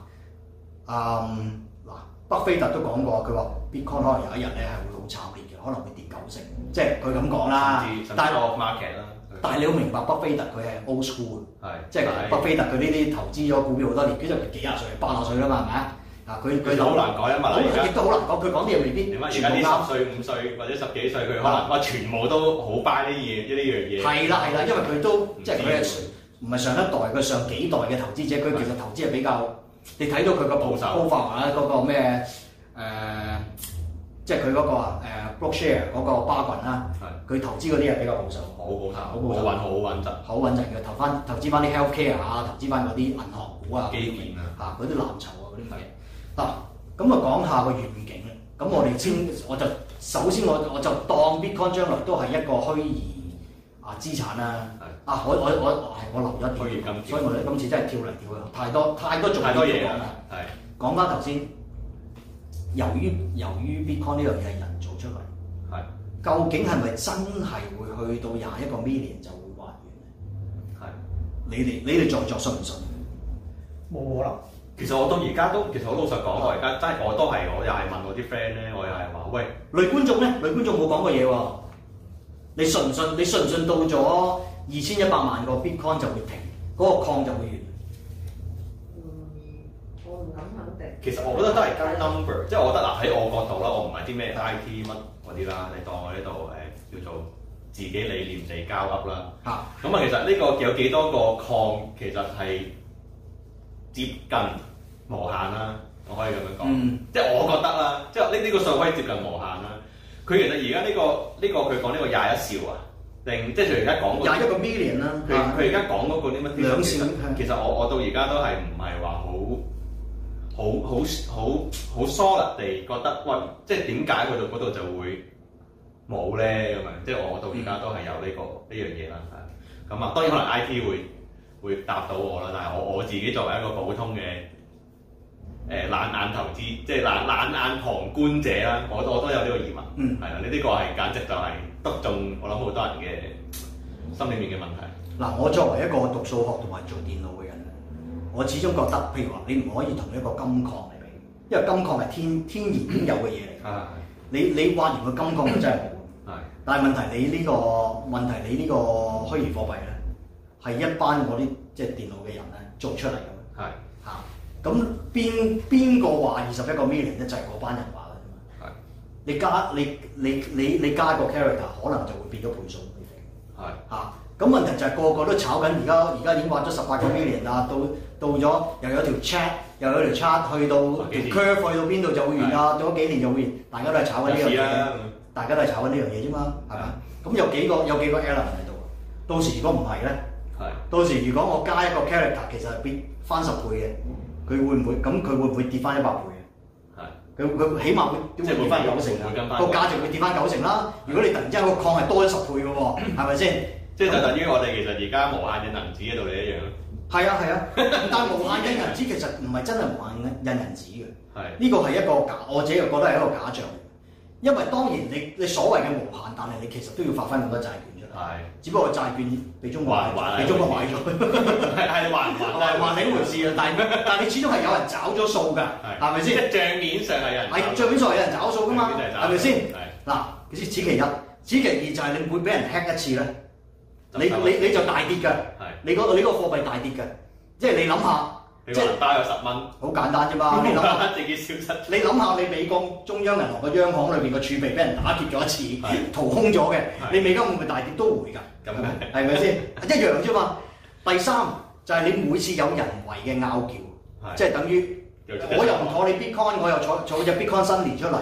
嗯，嗱，巴菲特都講過，佢話 Bitcoin 可能有一日咧係會好慘嘅。可能會跌九成，即係佢咁講啦。但係 market 啦，但係你要明白，畢菲特佢係 old school 啊，即係畢菲特佢呢啲投資咗股票好多年，佢就幾廿歲、八十歲啦嘛，係咪啊？佢佢好難改啊嘛，而家都好難改。佢講啲嘢未必。而家啲十歲、五歲或者十幾歲，佢哇，哇，全部都好 buy 呢啲嘢，呢樣嘢。係啦係啦，因為佢都即係佢唔係上一代，佢上幾代嘅投資者，佢其實投資係比較你睇到佢個鋪頭。O 華啦，嗰個咩誒？即係佢嗰個誒 block share 嗰個巴郡啦，佢投資嗰啲係比較保守，好好睇，好穩，好穩陣，好穩陣嘅投翻投資翻啲 health care 啊，投資翻嗰啲銀行股啊，基建啊，嚇嗰啲藍籌啊，嗰啲嘢。嗱咁啊講下個遠景啦。咁我哋先，我就首先我我就當 Bitcoin 將來都係一個虛擬啊資產啦。啊，我我我係我留一點，所以我哋今次真係跳嚟跳去太多太多重要嘢講啦。係講翻頭先。由於由於 Bitcoin 呢樣嘢係人做出嚟。係的究竟係咪真係會去到廿一個 million 就會挖完？係的你哋你哋在座信唔信？冇可能。其實我到而家都，其實我老實講的，我而家真係我都係，我又係問我啲 friend 咧，我又係話喂，女觀眾咧，女觀眾冇講過嘢喎，你信唔信？你信唔信到咗二千一百萬個 Bitcoin 就會停，嗰個礦就會完？其實我覺得都係 number，即係、啊、我覺得嗱喺、啊、我角度啦，我唔係啲咩 IT 乜嗰啲啦，你當我呢度誒叫做自己理念地交合啦。嚇、啊，咁啊其實呢個有幾多個礦，其實係接近無限啦、啊，我可以咁樣講，即係、嗯、我覺得啦，即係呢呢個數可以接近無限啦、啊。佢其實而家呢個呢、呢個佢講呢個廿一兆啊，定即係佢而家講廿一個 million 啦。佢佢而家講嗰個啲乜兩其實我我到而家都係唔係話好。好好好好 solid 地覺得，喂，即係點解嗰度度就會冇咧咁樣？即、就、係、是、我到而家都係有呢、這個呢樣嘢啦。咁啊、嗯這個，當然可能 I P 會會答到我啦，但係我我自己作為一個普通嘅誒冷眼投資，即係冷冷眼旁觀者啦，我我都有呢個疑問，嗯，係啦呢呢個係簡直就係、是、篤中我諗好多人嘅心裏面嘅問題，嗱、嗯，我作為一個讀數學同埋做電腦。我始終覺得，譬如話，你唔可以同一個金礦嚟比，因為金礦係天天然擁有嘅嘢嚟。你你挖完個金礦，就真係好。 但係問題你、呢個，你呢個問題，你呢個虛擬貨幣咧，係一班嗰啲即係電腦嘅人咧做出嚟咁。係嚇咁邊邊個話二十一個 million 咧，就係嗰班人話㗎。係你加你你你你加個 character，可能就會變咗倍數。係嚇咁問題就係個，個個都炒緊，而家而家已經挖咗十八個 million 啦，到。到咗又有條 chat 又有條 chat，去到去到邊度就會完啦，做咗幾年就會完，大家都係炒緊呢樣嘢，大家都係炒緊呢樣嘢啫嘛，係咪？咁有幾個有幾個 element 喺度，到時如果唔係咧，到時如果我加一個 character，其實變翻十倍嘅，佢會唔會咁佢會唔會跌翻一百倍嘅？係，佢佢起碼會即係跌翻九成啊，個價值會跌翻九成啦。如果你突然之間個礦係多咗十倍嘅喎，係咪先？即係就等於我哋其實而家無限嘅能子嘅道理一樣。係啊係啊，但係無限印銀紙其實唔係真係無限印銀紙嘅，係呢個係一個假，我自己又覺得係一個假象。因為當然你你所謂嘅無限，但係你其實都要發翻咁多債券出嚟，只不過債券俾中國俾中國買咗，係你還唔還係還呢回事啊？但係但係你始終係有人找咗數㗎，係咪先？帳面上係有人，係帳面上係有人找數㗎嘛，係咪先？嗱，此其一，此其二就係你每俾人聽一次咧，你你你就大跌㗎。你嗰度呢個貨幣大跌嘅，即係你諗下，即係加咗十蚊，好簡單啫嘛，自己消失。你諗下，你美國中央銀行個央行裏邊個儲備俾人打劫咗一次，掏空咗嘅，你美金會唔會大跌？都會㗎，咁樣係咪先一樣啫嘛？第三就係你每次有人為嘅拗撬，即係等於我又唔妥你 Bitcoin，我又坐坐隻 Bitcoin 新年出嚟，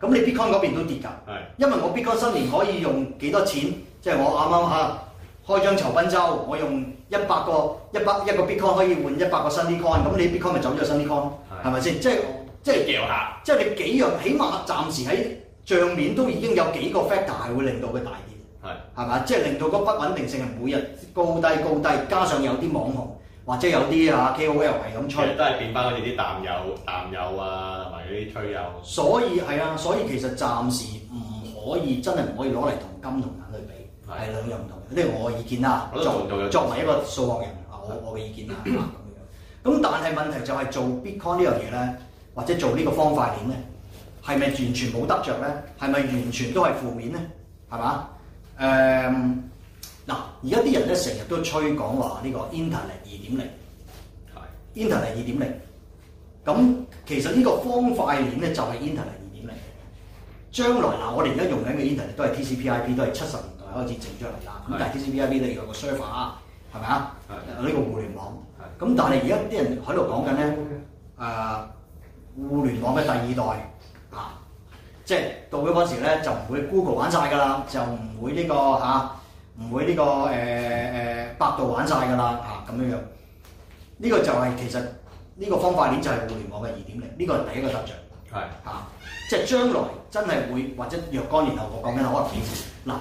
咁你 Bitcoin 嗰邊都跌㗎，因為我 Bitcoin 新年可以用幾多錢，即係我啱啱吓。開張籌分週，我用一百個一百一個 Bitcoin 可以換一百個新啲 Bitcoin，咁你 Bitcoin 咪走咗新啲 Bitcoin 咯？係咪先？即係即係掉啦！即係你幾樣起碼暫時喺帳面都已經有幾個 factor 係會令到佢大啲，係係嘛？即係、就是、令到個不穩定性係每日高低高低，加上有啲網紅或者有啲啊 KOL 係咁吹，都係變翻哋啲淡友淡友啊，同埋嗰啲推友。所以係啊，所以其實暫時唔可以真係唔可以攞嚟同金同銀。係兩樣唔同嘅，呢、就、個、是、我嘅意見啦。作為一個數學人，是我我嘅意見啦，咁 樣。咁但係問題就係做 Bitcoin 呢樣嘢咧，或者做呢個方塊鏈咧，係咪完全冇得着咧？係咪完全都係負面咧？係嘛？誒、嗯、嗱，而家啲人咧成日都吹講話呢個 Internet 二點零，Internet 二點零。咁其實呢個方塊鏈咧就係 Internet 二點零。將來嗱，我哋而家用緊嘅 Internet 都係 TCP/IP，都係七十年開始整出嚟啦，咁是的 但係 t c b 呢？例如個 sofa 係咪啊？呢個互聯網，咁是的 但係而家啲人喺度講緊咧，誒是的、呃、互聯網嘅第二代啊，即、就、係、是、到咗嗰時咧就唔會 Google 玩晒㗎啦，就唔會呢、這個嚇唔、啊、會呢、這個誒誒、呃呃、百度玩晒㗎啦嚇咁樣樣，呢、這個就係、是、其實呢個方塊鏈就係互聯網嘅二點零，呢、這個係第一個得著，係嚇，即係將來真係會或者若干年後我講緊可能嗱。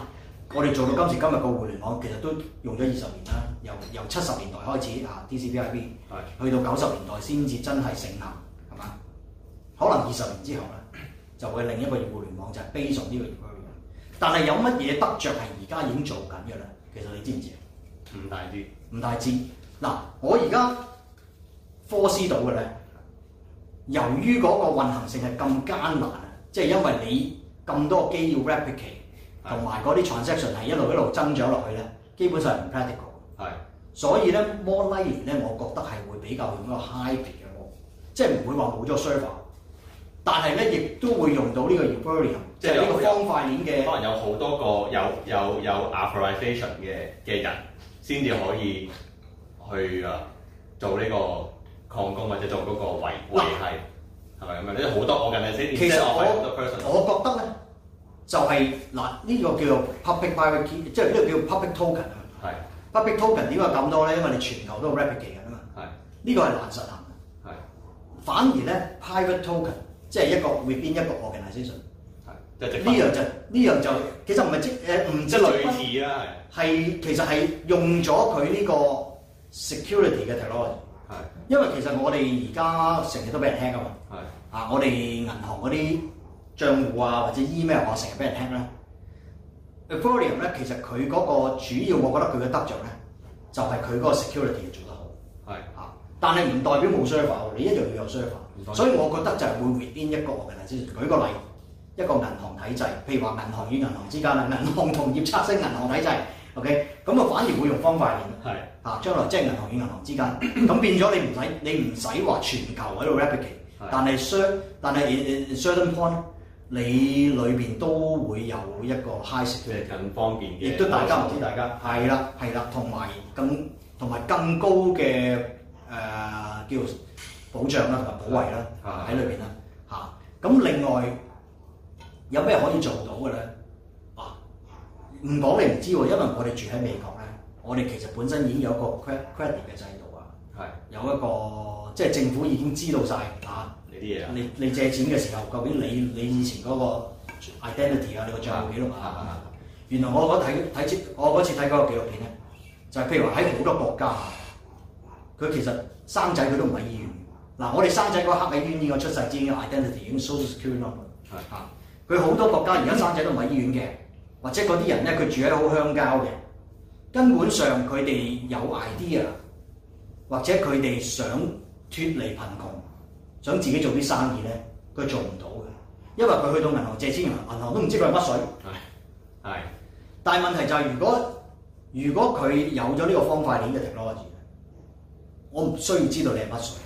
我哋做到今時今日個互聯網，其實都用咗二十年啦。由由七十年代開始，啊，DCPIB，係，DC IB, 是去到九十年代先至真係盛行，係嘛？ 可能二十年之後咧，就會另一個互聯網就係 base 呢個 technology 但係有乜嘢得着係而家已經做緊嘅咧？其實你知唔知？唔大啲，唔大知。嗱，我而家科斯到嘅咧，由於嗰個運行性係咁艱難啊，即係因為你咁多機要 replicate。同埋嗰啲 transaction 係一路一路增長落去咧，基本上係唔 practical。係是，所以咧 more layer 咧，我覺得係會比較用一個 hybrid 嘅 model，即係唔會話冇咗 server，但係咧亦都會用到呢個 Ethereum 即係呢個方塊鏈嘅。可能有好多個有有有 authorization 嘅嘅人，先至可以去啊、呃、做呢個礦工或者做嗰個維護。係，係咪咁啊？即係好多我認為，其實我我覺得咧。就係嗱，呢個叫做 public private key，即係呢個叫 public token 啊。係 public token 點解咁多咧？因為你全球都 rapid 嘅人啊嘛。係，呢個係難實行。係反而咧，private token 即係一個會邊一個 organization。係就呢樣就呢樣就其實唔係即誒唔即類似啦，係其實係用咗佢呢個 security 嘅 technology。係因為其實我哋而家成日都俾人聽㗎嘛。係啊，我哋銀行嗰啲。帳戶啊，或者 email，我成日俾人聽啦。Ethereum 咧，其實佢嗰個主要，我覺得佢嘅得著咧，就係佢嗰個 security 做得好，係嚇。 但係唔代表冇 server 你一樣要有 ver, server 所以，我覺得就係會 within 一個嘅啦。先舉個例，一個銀行體制，譬如話銀行與銀行之間啦，銀行同業拆息銀行體制，OK，咁啊反而會用方塊鏈，係嚇。將來即係銀行與銀行之間，咁、okay? 啊、變咗你唔使你唔使話全球喺度 replicate 但係 sur 但係 surrounding point 你裏邊都會有一個 high 息，即係更方便嘅，亦都大家唔知大家。係啦，係啦，同埋咁，同埋更高嘅誒、呃、叫保障啦，同埋保衞啦，喺裏邊啦，嚇。咁的另外有咩可以做到嘅咧？啊，唔講你唔知喎，因為我哋住喺美國咧，我哋其實本身已經有一個 credit credit 嘅制度啊，係的有一個即係、就是、政府已經知道晒。嚇、啊。你你借錢嘅時候，究竟你你以前嗰個 identity 啊，你個帳戶記錄啊，啊？原來我嗰睇睇我嗰次睇嗰個紀錄片咧，就係、是、譬如話喺好多國家，佢其實生仔佢都唔喺醫院。嗱、啊，我哋生仔嗰刻喺醫院，我、這個、出世之前 identity 已經 social security 啦、no,。啊，佢好是、啊、多國家而家生仔都唔喺醫院嘅，或者嗰啲人咧，佢住喺好鄉郊嘅，根本上佢哋有 idea，或者佢哋想脱離貧窮。想自己做啲生意咧，佢做唔到嘅，因為佢去到銀行借錢銀行，銀行都唔知佢係乜水。係係、哎，但係問題就係、是、如果如果佢有咗呢個方塊鏈嘅 technology，我唔需要知道你係乜水，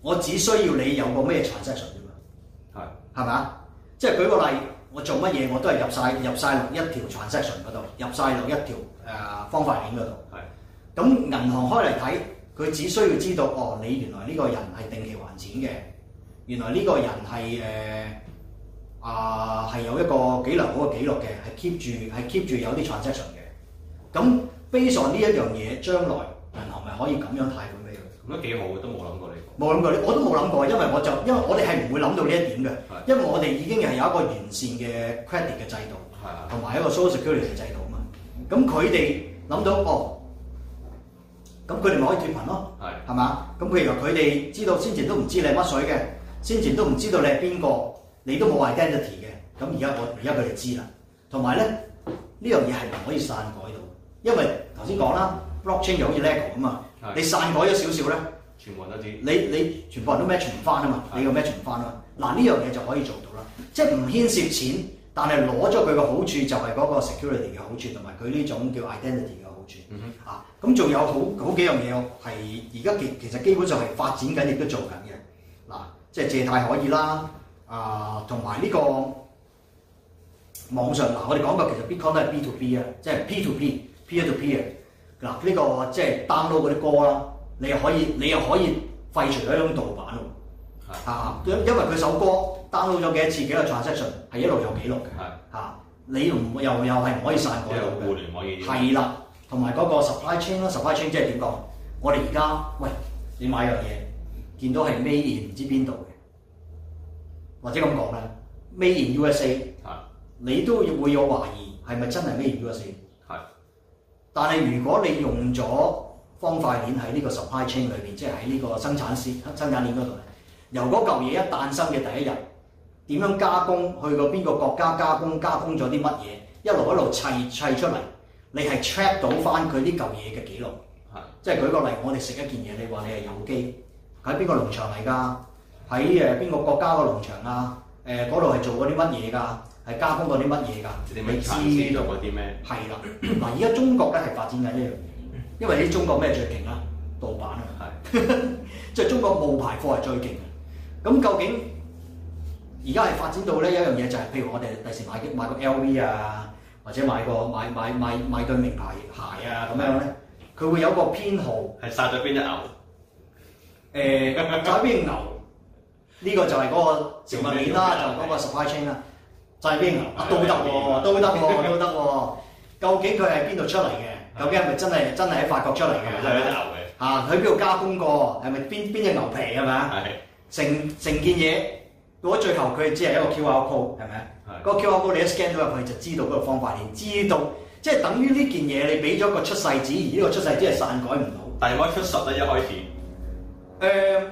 我只需要你有個咩 transaction 啫嘛是。係咪？嘛？即係舉個例，我做乜嘢我都係入晒入晒落一條 transaction 嗰度，入晒落一條誒、呃、方塊鏈嗰度。係咁是，銀行開嚟睇。佢只需要知道哦，你原來呢個人係定期還錢嘅，原來呢個人係誒、呃、啊係有一個幾良好嘅記錄嘅，係 keep 住係 keep 住有啲 transaction 嘅。咁 base on 呢一樣嘢，將來銀行咪可以咁樣貸款畀佢？咁都幾好，都冇諗過呢個。冇諗過呢，我都冇諗過，因為我就因為我哋係唔會諗到呢一點嘅，因為我哋的已經係有一個完善嘅 credit 嘅制度，同埋的一個 social security 嘅制度嘛。咁佢哋諗到哦。咁佢哋咪可以脫貧咯？係是的，係嘛？咁譬如話，佢哋知道先前都唔知你乜水嘅，先前都唔知道你係邊個，你都冇 identity 嘅。咁而家我而家佢哋知啦。同埋咧，呢樣嘢係唔可以篡改到，因為頭先講啦，blockchain 又好似 Lego 咁啊。係是的。你篡改咗少少咧？全部人都知。你你全部人都 match 唔翻啊嘛？你，是的 你有咩 match 唔翻啊？嗱，呢樣嘢就可以做到啦。即係唔牽涉錢，但係攞咗佢嘅好處就係嗰個 security 嘅好處，同埋佢呢種叫 identity 嘅。嗯哼，啊，咁仲有好好幾樣嘢，係而家其其實基本上係發展緊，亦都做緊嘅。嗱，即係借貸可以啦，啊，同埋呢個網上嗱，我哋講過，其實 Bitcoin 都係 B to B 啊，即係 P to P，P to P 啊。嗱，呢個即係 download 嗰啲歌啦，你又可以，你又可以廢除咗一種盜版喎。係因因為佢首歌 download 咗幾多次，幾多 transaction 係一路有記錄嘅。係你唔又又係唔可以散嗰係互聯網嘢。係啦。同埋嗰個 supply chain 咯，supply chain 即係點講？我哋而家喂，你買樣嘢，嗯、見到係 made in 唔知邊度嘅，或者咁講咧，made in USA 係是的 你都會有懷疑係咪真係 made in USA 係。但係如果你用咗方塊鏈喺呢個 supply chain 裏面，即係喺呢個生產線、生產鏈嗰度咧，由嗰嚿嘢一誕生嘅第一日，點樣加工去到邊個國家加工？加工咗啲乜嘢？一路一路砌砌出嚟。你係 check 到翻佢呢舊嘢嘅記錄，的即係舉個例，我哋食一件嘢，你話你係有機，喺邊個農場嚟㗎？喺誒邊個國家嘅農場啊？誒嗰度係做過啲乜嘢㗎？係加工過啲乜嘢㗎？你,們 你知唔知道啲咩？係啦了，嗱，而家中國咧係發展緊呢樣，因為啲中國咩最勁啊？盜版啊，係的，即係 中國冒牌貨係最勁嘅。咁究竟而家係發展到呢一樣嘢就係、是，譬如我哋第時買啲買個 LV 啊。或者買個買買買買對名牌鞋啊咁樣咧，佢會有個編號，係殺咗邊隻牛？誒，就邊隻牛呢個就係嗰個食物鏈啦，就嗰個 supply chain 啦，就係邊隻牛都得喎，都得喎，都得喎。究竟佢係邊度出嚟嘅？究竟係咪真係真係喺法國出嚟嘅？就係一隻牛嘅。嚇，佢邊度加工過？係咪邊邊隻牛皮係咪啊？係。成成件嘢，到咗最後佢只係一個 QR code 係咪啊？個 Q，號簿你一 scan 咗入去，就知道嗰個方法，你知道即係等於呢件嘢，你俾咗個出世紙，而呢個出世紙係篡改唔到。但係我出術咧，一開始誒、呃，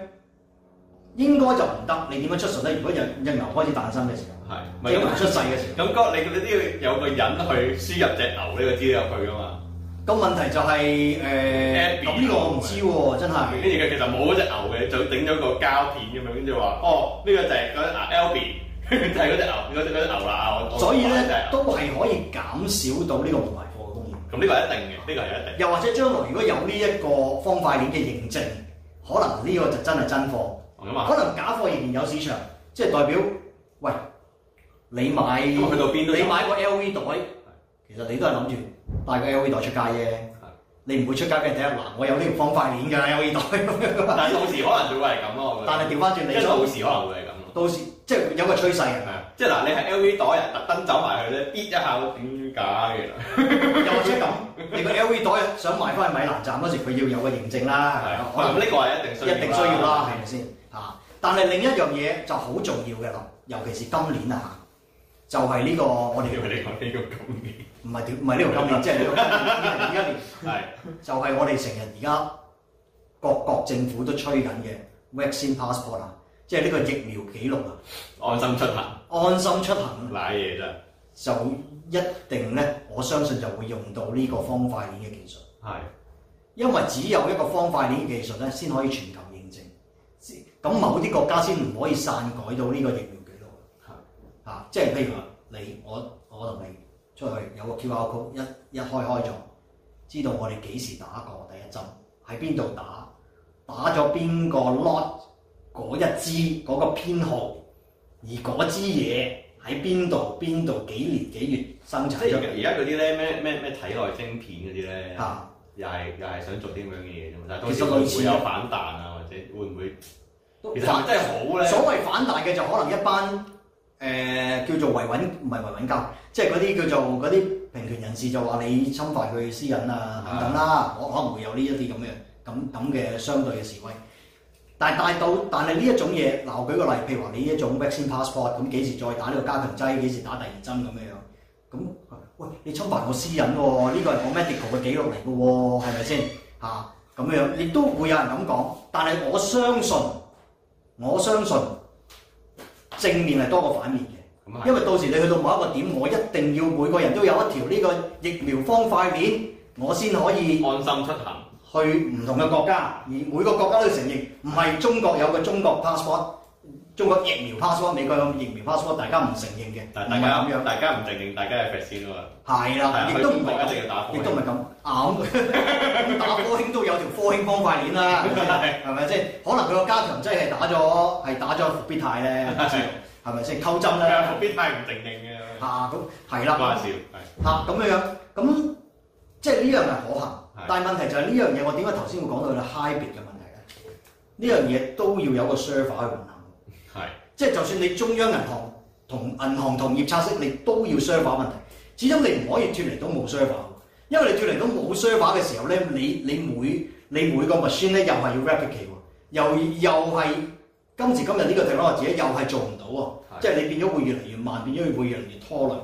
應該就唔得。你點樣出術咧？如果印印牛開始誕生嘅時候，係，未出世嘅時候，咁嗰 你你都要有個人去輸入隻牛呢個資料入去噶嘛？個問題就係、是、誒，咁我唔知喎，的真係的。跟住而家其實冇隻牛嘅，就整咗個膠片咁樣，跟住話，哦，呢、這個就係個 Elby 就係嗰隻牛，嗰隻隻牛啦！所以咧，都係可以減少到呢個無謂貨嘅風險。咁呢個係一定嘅，呢個係一定。又或者將來如果有呢一個方塊鏈嘅認證，可能呢個就真係真貨。可能假貨仍然有市場，即係代表，喂，你買你買個 LV 袋，其實你都係諗住帶個 LV 袋出街啫。你唔會出街俾人睇啊！嗱，我有呢條方塊鏈㗎，LV 袋。但係到時可能會係咁咯。但係調翻轉，你到時可能會係。到時即係有個趨勢係咪啊？即係嗱，你係 LV 袋啊，特登走埋去咧，跌一下點解嘅？又話出咁，你個 LV 袋想買翻去米蘭站嗰時，佢要有個認證啦。係啊，我諗呢個係一定需要。一定需要啦，係咪先？嚇！但係另一樣嘢就好重要嘅咯，尤其是今年啊嚇，就係呢個我哋。以為你講呢個今年？唔係點？唔係呢個今年，即係呢個一年。係，就係我哋成日而家各國政府都吹緊嘅 vaccine passport 啊！即係呢個疫苗記錄啊！安心出行，安心出行，賴嘢啫。就一定咧，我相信就會用到呢個方塊鏈嘅技術。係的，因為只有一個方塊鏈嘅技術咧，先可以全球認證。咁某啲國家先唔可以篡改到呢個疫苗記錄。係的啊，即係譬如話的你我我同你出去有個 QR code，一一開開咗，知道我哋幾時打過第一針，喺邊度打，打咗邊個 lot。嗰一支嗰、嗰個編號，而嗰支嘢喺邊度邊度幾年，幾，年幾月生產咗？而家嗰啲咧咩咩咩體內晶片嗰啲咧，又係又係想做啲咁樣嘅嘢啫嘛。但係到時會唔會有反彈啊？或者會唔會？其實係唔係真係好咧。所謂反彈嘅就可能一班誒、呃、叫做維穩唔係維穩教，即係嗰啲叫做嗰啲平權人士就話你侵犯佢私隱啊等等啦。我、啊啊、可能會有呢一啲咁嘅咁咁嘅相對嘅示威。但係帶到，但係呢一種嘢，嗱，我舉個例，譬如話你呢一種 vaccine passport，咁幾時再打呢個加強劑，幾時打第二針咁樣樣，咁喂，你侵犯我私隱喎，呢個係我 medical 嘅記錄嚟嘅喎，係咪先？吓，咁樣樣，亦都會有人咁講，但係我相信，我相信正面係多過反面嘅，因為到時你去到某一個點，我一定要每個人都有一條呢個疫苗方塊鏈，我先可以安心出行。去唔同嘅國家，而每個國家都承認，唔係中國有個中國 passport，中國疫苗 passport，美國有疫苗 passport，大家唔承認嘅咁樣，大家唔承認，大家係罰先啊嘛。係啦，亦都唔係，亦都唔係咁。打科興都有條科興方塊鏈啦，係咪先？可能佢個加強劑係打咗係打咗復必泰咧，係咪先？溝針咧，復必泰唔承認嘅。吓，咁係啦，講笑係吓咁樣樣，咁即係呢樣係可行。但係問題就係呢樣嘢，我點解頭先會講到佢 hybrid 嘅問題咧？呢樣嘢都要有個 server 去運行，係是即係就算你中央銀行同銀行同業拆息，你都要 server，問題。始終你唔可以脫離到冇 server，因為你脫離到冇 server 嘅時候咧，你你每你每個 machine 咧又係要 replicate 喎，又又係今時今日呢個地方我自己又係做唔到啊。是即係你變咗會越嚟越慢，變咗會越嚟越拖累，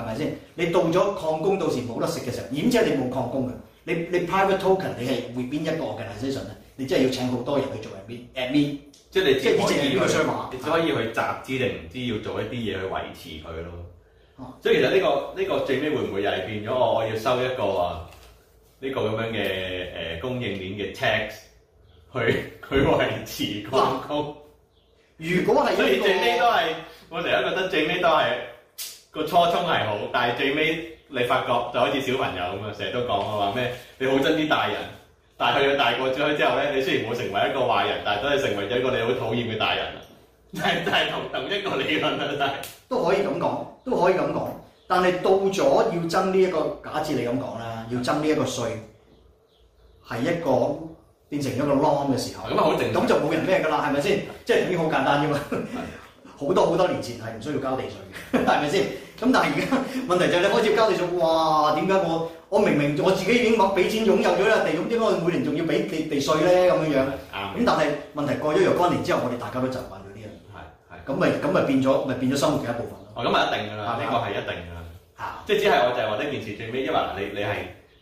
係咪先？你到咗礦工到時冇得食嘅時候，點知你冇礦工嘅。你你 private token 你係會邊一個嘅？基你真係要請好多人去作為 admin 即係你只可以即係呢隻嘢去出馬，的你只可以去集資定唔知要做一啲嘢去維持佢咯。哦、啊，所以其實呢、這個呢、這個最尾會唔會又係變咗我我要收一個話呢、啊這個咁樣嘅誒、呃、供應鏈嘅 tax 去去維持供、啊、如果係，所以最尾都係我成日覺得最尾都係個初衷係好，但係最尾。你發覺就好似小朋友咁樣，成日都講我話咩？你好憎啲大人，但係去到大個咗之後咧，你雖然冇成為一個壞人，但係都係成為咗一個你好討厭嘅大人。係，都係同同一個理論啦，都係都可以咁講，都可以咁講。但係到咗要爭呢、這、一個假設，你咁講啦，要爭呢一個稅係一個變成一個 long 嘅時候，咁就冇人咩㗎啦，係咪先？即係已經好簡單咋嘛。好是的 多好多年前係唔需要交地稅嘅，係咪先？咁但係而家問題就係你開始交地稅，哇！點解我我明明我自己已經買俾錢擁有咗啦地，咁點解我每年仲要俾地地稅咧？咁樣樣。啱、嗯。咁但係問題過咗若干年之後，我哋大家都習慣咗啲人。係係。咁咪咁咪變咗咪變咗生活嘅一部分咯。哦，咁啊，一定㗎啦。啊對，呢個係一定㗎。啊對，即係只係我就係話呢件事最尾，因為你你係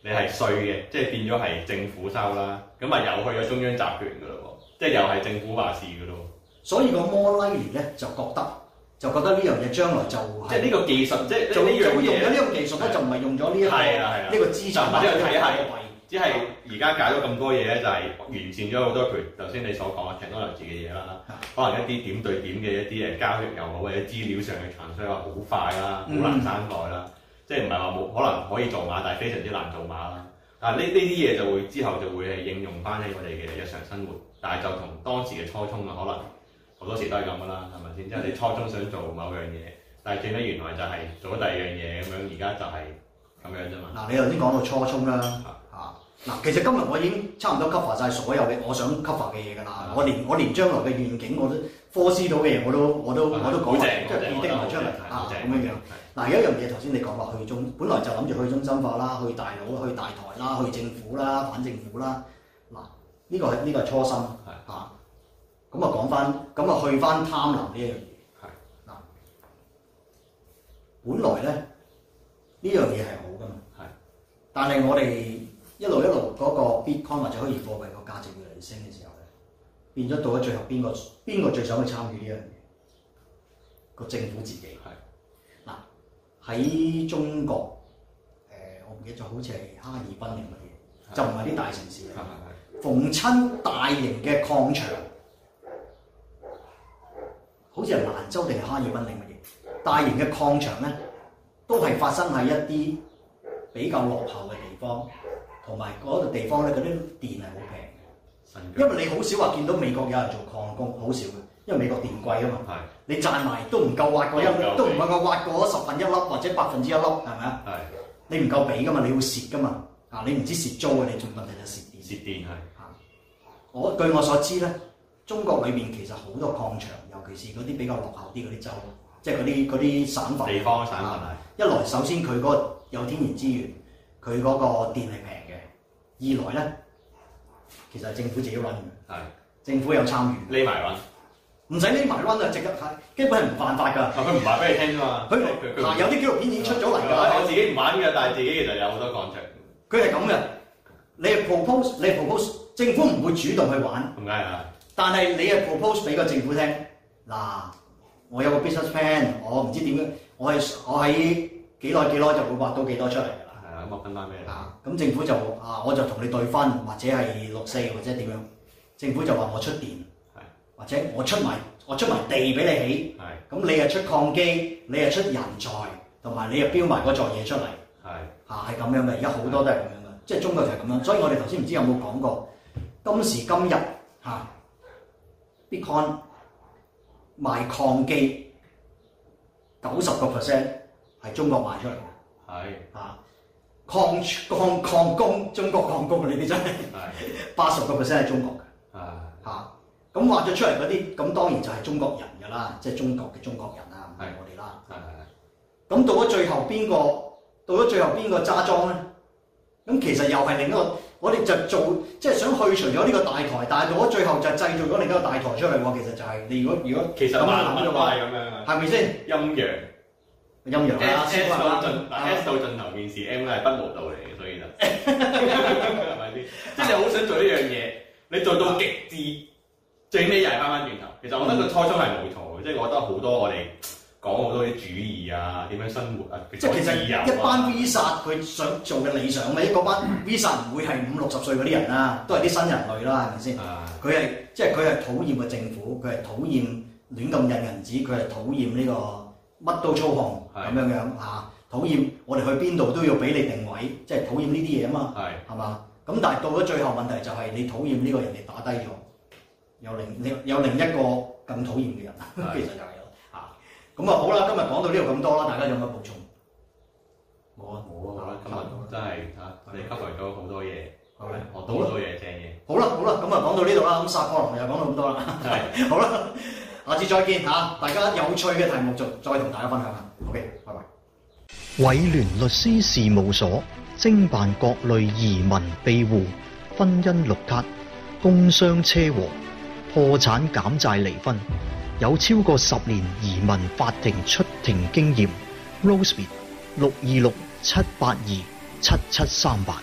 你係稅嘅，即、就、係、是、變咗係政府收啦。咁啊，又去咗中央集權㗎咯喎，即、就、係、是、又係政府話事㗎咯喎。所以個摩 o o l 咧就覺得。就覺得呢樣嘢將來就係即係呢個技術，就即係做呢樣嘢用咗呢個技術，佢的就唔係用咗呢一個呢個資產。是只係睇下個位，只係而家解咗咁多嘢咧，就係、是、完善咗好多。譬如頭先你所講嘅長文字嘅嘢啦，嗯、可能一啲點對點嘅一啲誒交易又好，或者資料上嘅產生話好快啦，好難山寨啦。嗯、即係唔係話冇可能可以做馬，但係非常之難做馬啦。啊，呢呢啲嘢就會之後就會係應用翻喺我哋嘅日常生活，但係就同當時嘅初衷啊，可能。好多時都係咁噶啦，係咪先？即係你初衷想做某樣嘢，但係最尾原來就係做咗第二樣嘢咁樣，而家就係咁樣啫嘛。嗱，你頭先講到初衷啦，啊，嗱，其實今日我已經差唔多 cover 晒所有嘅我想 cover 嘅嘢㗎啦。我連我連將來嘅願景我都 foresee 到嘅嘢，我都我都我都講正，即係 predict 埋出嚟啊，咁樣樣。嗱，有一樣嘢頭先你講話去中，本來就諗住去中心化啦，去大佬，去大台啦，去政府啦，反政府啦。嗱，呢個係呢個係初心，係嚇。咁啊，講翻咁啊，去翻貪婪呢一樣嘢。係嗱的，本來咧呢樣嘢係好噶嘛。係的，但係我哋一路一路嗰個 bitcoin 或者可以貨幣個價值越嚟越升嘅時候咧，變咗到咗最後邊個邊個最想去參與呢樣嘢？個政府自己係嗱喺中國誒、呃，我唔記得咗，好似係哈爾濱定乜嘢，的就唔係啲大城市。逢親大型嘅礦場。好似係蘭州定係哈爾濱定乜嘢大型嘅礦場咧，都係發生喺一啲比較落後嘅地方，同埋嗰度地方咧，嗰啲電係好平。居因為你好少話見到美國有人做礦工，好少嘅，因為美國電貴啊嘛。係是你賺埋都唔夠挖過，一都唔夠挖過十分一粒或者百分之一粒，係咪啊？係是你唔夠俾㗎嘛？你要蝕㗎嘛？啊，你唔知蝕租嘅，你仲問題就蝕電蝕電係。我據我所知咧，中國裏面其實好多礦場。尤其係嗰啲比較落後啲嗰啲州，即係嗰啲啲省份，地方省份啊。吧一來首先佢嗰個有天然資源，佢嗰個電力平嘅。二來咧，其實係政府自己揾嘅，的政府有參與，匿埋揾，唔使匿埋揾啊！值得睇，基本係唔犯法㗎。佢唔話俾你聽啫嘛。佢 他，有啲紀錄片已經出咗嚟㗎。啊、 我自己唔玩嘅，但係自己其實有好多講證。佢係咁嘅，你 propose，你 propose，政府唔會主動去玩，唔該啊。但係你係 propose 俾個政府聽。嗱，我有個 business plan，我唔知點樣，我係我喺幾耐幾耐就會挖到幾多出嚟㗎啦。係啊、嗯，咁、嗯、我分返俾你啦。咁、嗯、政府就啊、嗯，我就同你對分，或者係六四或者點樣，政府就話我出電，係，是的 或者我出埋我出埋地俾你起，係，咁你又出礦機，你又出人才，同埋你又標埋嗰座嘢出嚟，係是的、啊，嚇係咁樣嘅，而家好多都係咁樣嘅，即係是的 中國就係咁樣，所以我哋頭先唔知有冇講過，今時今日嚇，Bitcoin。啊。賣礦機九十個 percent 係中國賣出嚟嘅，係是啊，礦礦礦工中國礦工啊，你哋真係，係八十個 percent 係中國嘅，啊嚇，咁挖咗出嚟嗰啲，咁當然就係中國人㗎啦，即係中國嘅中國人啦，唔係是我哋啦，係咁到咗最後邊個，到咗最後邊個揸莊咧？咁其實又係另一個。我哋就做，即係想去除咗呢個大台，但係到咗最後就製造咗另一個大台出嚟喎。其實就係、是，你如果如果咁樣諗嘅話，係咪先？陰陽，陰陽啦，小學啦。S 到盡，S 到盡頭件事、uh, uh,，M 咧係不無道理嘅，所以、uh, 就係咪先？即係你好想做一樣嘢，你做到極致，最尾又係翻返轉頭。其實我覺得個初衷係冇錯，即係我覺得好多我哋。講好多啲主義啊，點樣生活啊，啊即係其實一班 Visa 佢想做嘅理想，咪一個班 Visa 唔會係五六十歲嗰啲人啦、啊，都係啲新人類啦、啊，係咪先？佢係即係佢係討厭嘅政府，佢係討厭亂咁印銀紙，佢係討厭呢個乜都操控，咁是樣樣嚇、啊，討厭我哋去邊度都要俾你定位，即、就、係、是、討厭呢啲嘢啊嘛，係嘛是？咁但係到咗最後問題就係、是、你討厭呢個人哋打低咗，有另有另一個咁討厭嘅人是 咁啊好啦，今日講到呢度咁多啦，大家有乜補充？冇啊，冇啊，今日真係嚇，我哋吸收咗好多的嘢，學到好多嘢正嘢。好啦的 好啦，咁啊講到呢度啦，咁薩摩羅又講到咁多啦，好啦，下次再見嚇，大家有趣嘅題目就再同大家分享啊。OK，拜拜。偉聯律師事務所，精辦各類移民庇護、婚姻綠卡、工傷車禍、破產減債、離婚。有超過十年移民法庭出庭經驗，Rosebud 六二六七八二七七三八。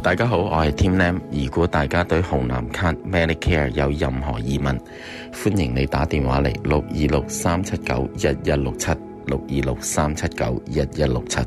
大家好，我係 Tim Lam。如果大家對紅藍卡 Medicare 有任何疑問，歡迎你打電話嚟六二六三七九一一六七，六二六三七九一一六七。